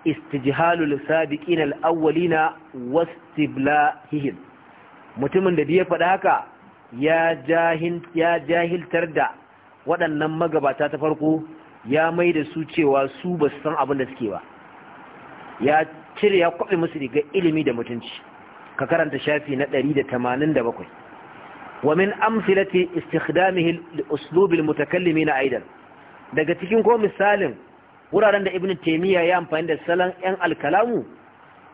istijhalul sabiqina al-awwalina wastiblahihim mutumin da ya faɗa haka ya jahiltar da waɗannan magabata ta farko ya mai da su cewa su ba su san abin da suke ba ya cire ya kwaɓe musu daga ilimi da mutunci ka karanta shafi na ɗari da da tamanin 187 wa min amsilati istikhdamihi li uslub al aidan daga cikin ko misalin wuraren da ibnu taymiya ya amfani da salon yan alkalamu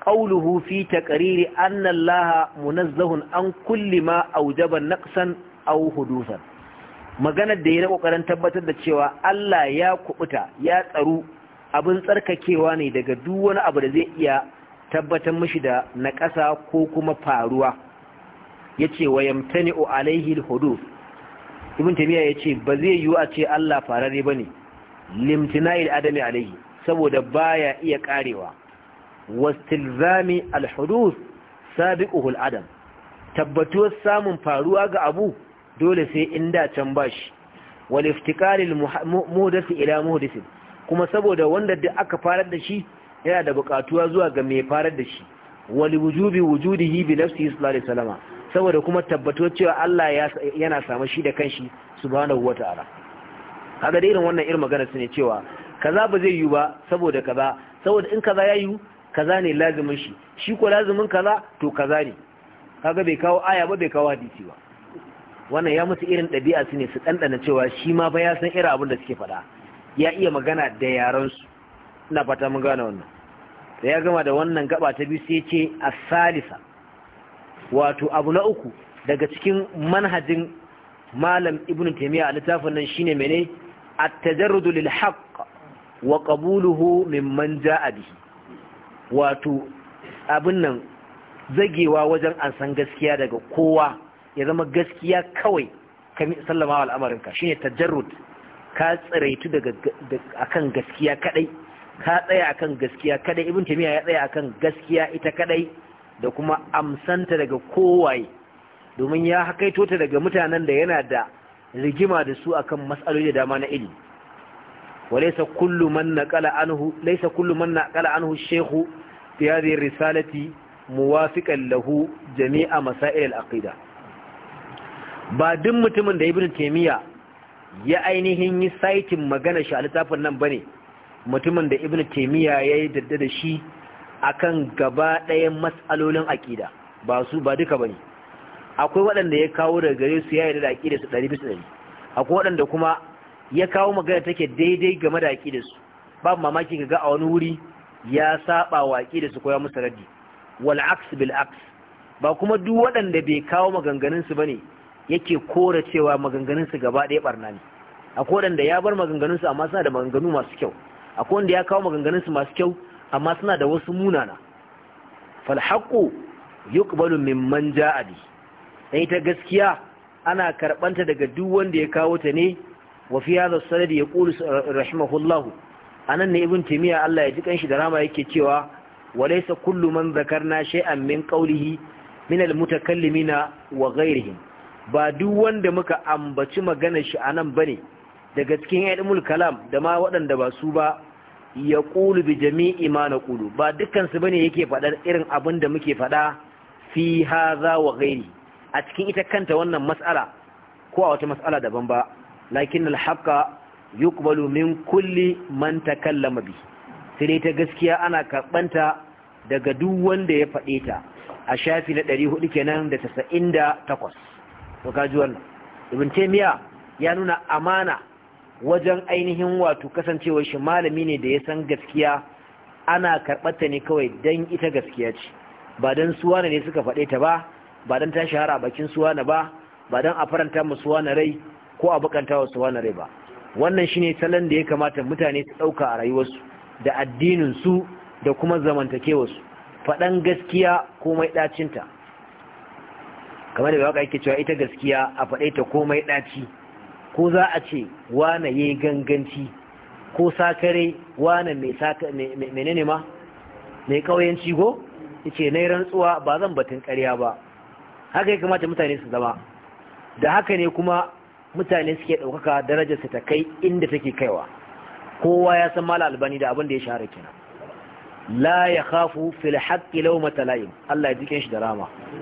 qawluhu fi taqriri anna na munazzahun an kulli ma awjaba naqsan aw hudusan maganar da ya kokarin tabbatar da cewa Allah ya kuɓuta ya tsaru abin tsarkakewa ne daga duk wani abu da zai iya tabbatar mishi da naƙasa ko kuma faruwa ya ce wa o alaihi hudu ibn tamiya ya ce ba zai yiwu a ce Allah farare ba ne limtina'il adami alaihi saboda baya iya karewa wastilzami alhudus sabiquhu aladam tabbatuwar samun faruwa ga abu dole sai inda can bashi wal iftikaril muhdath ila muhdith kuma saboda wanda duk aka farar da shi yana da bukatuwa zuwa ga mai farar da shi wani wujubi wujudihi bi nafsi sallallahu alaihi wasallam saboda kuma tabbato cewa Allah yana samu shi da kanshi subhanahu wataala kaga da irin wannan irin magana su ne cewa kaza ba zai yi ba saboda kaza saboda in kaza ya yi kaza ne lazimin shi shi ko lazimin kaza to kaza ne kaga bai kawo aya ba bai kawo hadisi ba wannan ya musu irin ɗabi'a su ne su ɗanɗana cewa shi ma fa ya san irin abin da suke faɗa ya iya magana da yaran su na fata mun gane wannan da ya gama da wannan gaba ta biyu sai ce asalisa salisa wato abu na uku daga cikin manhajin malam ibnu taymiya a littafin nan shine mene at-tajarrud lil haqq wa qabuluhu mimman jaa bihi wato abin nan zagewa wajen an san gaskiya daga kowa ya zama gaskiya kawai ka sallama al'amarinka shine tajarrud ka tsiraitu daga akan gaskiya kadai ka tsaya akan gaskiya kadai, ibn tamiya ya tsaya akan gaskiya ita kadai da kuma amsanta daga kowaye domin ya hakaito ta daga mutanen da yana da rigima da su akan matsaloli da dama na ilimi laysa kullu man naqala anhu laysa kullu man naqala anhu shaykhu fi hadhihi risalati muwafiqan lahu jami'a masail al-aqida ba duk mutumin da ibn tamiya ya ainihin yi saitin magana shi a littafin nan bane mutumin da ibn taimiyya ya yi dadda da shi akan gaba ɗaya matsalolin akida ba su ba duka ba ne akwai waɗanda ya kawo daga gare su ya yarda da aƙida su ɗari bisa ɗari akwai waɗanda kuma ya kawo magana take daidai game da akida su ba mamaki ga ga a wani wuri ya saba wa akida su ko ya musu raddi wal aks bil aks ba kuma duk waɗanda bai kawo maganganun su bane yake kora cewa maganganun su gaba ɗaya barna ne akwai waɗanda ya bar maganganun su amma suna da maganganu masu kyau akwai wanda ya kawo maganganun su masu kyau amma suna da wasu munana fal yukbalu yuqbalu mimman ja'a bi dai ta gaskiya ana karbanta daga duk wanda ya kawo ta ne wa fi hadha sanad yaqulu rahimahullahu anan ne ibn timiya Allah ya ji kanshi da rama yake cewa wa laysa kullu man zakarna shay'an min qawlihi min almutakallimina wa ghayrihim ba duk wanda muka ambaci magana shi anan bane daga cikin ilmul kalam da ma waɗanda ba su ba ya ƙulu bi jami'i ma na ƙulu ba dukkansu bane yake faɗar irin abin da muke faɗa fi haza wa ghairi a cikin ita kanta wannan matsala, ko a wata mas'ala daban ba lakin alhaqa yuqbalu min kulli man takallama bi sai dai ta gaskiya ana karɓanta daga duk wanda ya faɗe ta a shafi na ɗari 400 kenan da 98 da kaji wannan ibn taymiya ya nuna amana wajen ainihin wato kasancewar shi malami ne da ya san gaskiya ana karɓarta ne kawai don ita gaskiya ce ba don suwana ne suka faɗe ta ba ba don ta shahara a bakin suwana ba ba don a faranta mu suwana rai ko a bukanta wa na rai ba wannan shine salon da ya kamata mutane su ɗauka a rayuwarsu da addinin su da kuma zamantakewarsu faɗan gaskiya ko mai ɗacinta kamar da waka yake cewa ita gaskiya a faɗe ta mai ɗaci ko za a ce wane yi ganganci ko sakare wane mai menene ma mai kauyanci go na nayi rantsuwa ba zan batun karya ba haka ya kamata mutane su zama da haka ne kuma mutane suke ɗaukaka darajar su ta kai inda take kaiwa kowa ya san mala albani da abin da ya share kina la ya khafu fil haqqi mata la'im Allah ya jikin shi da rama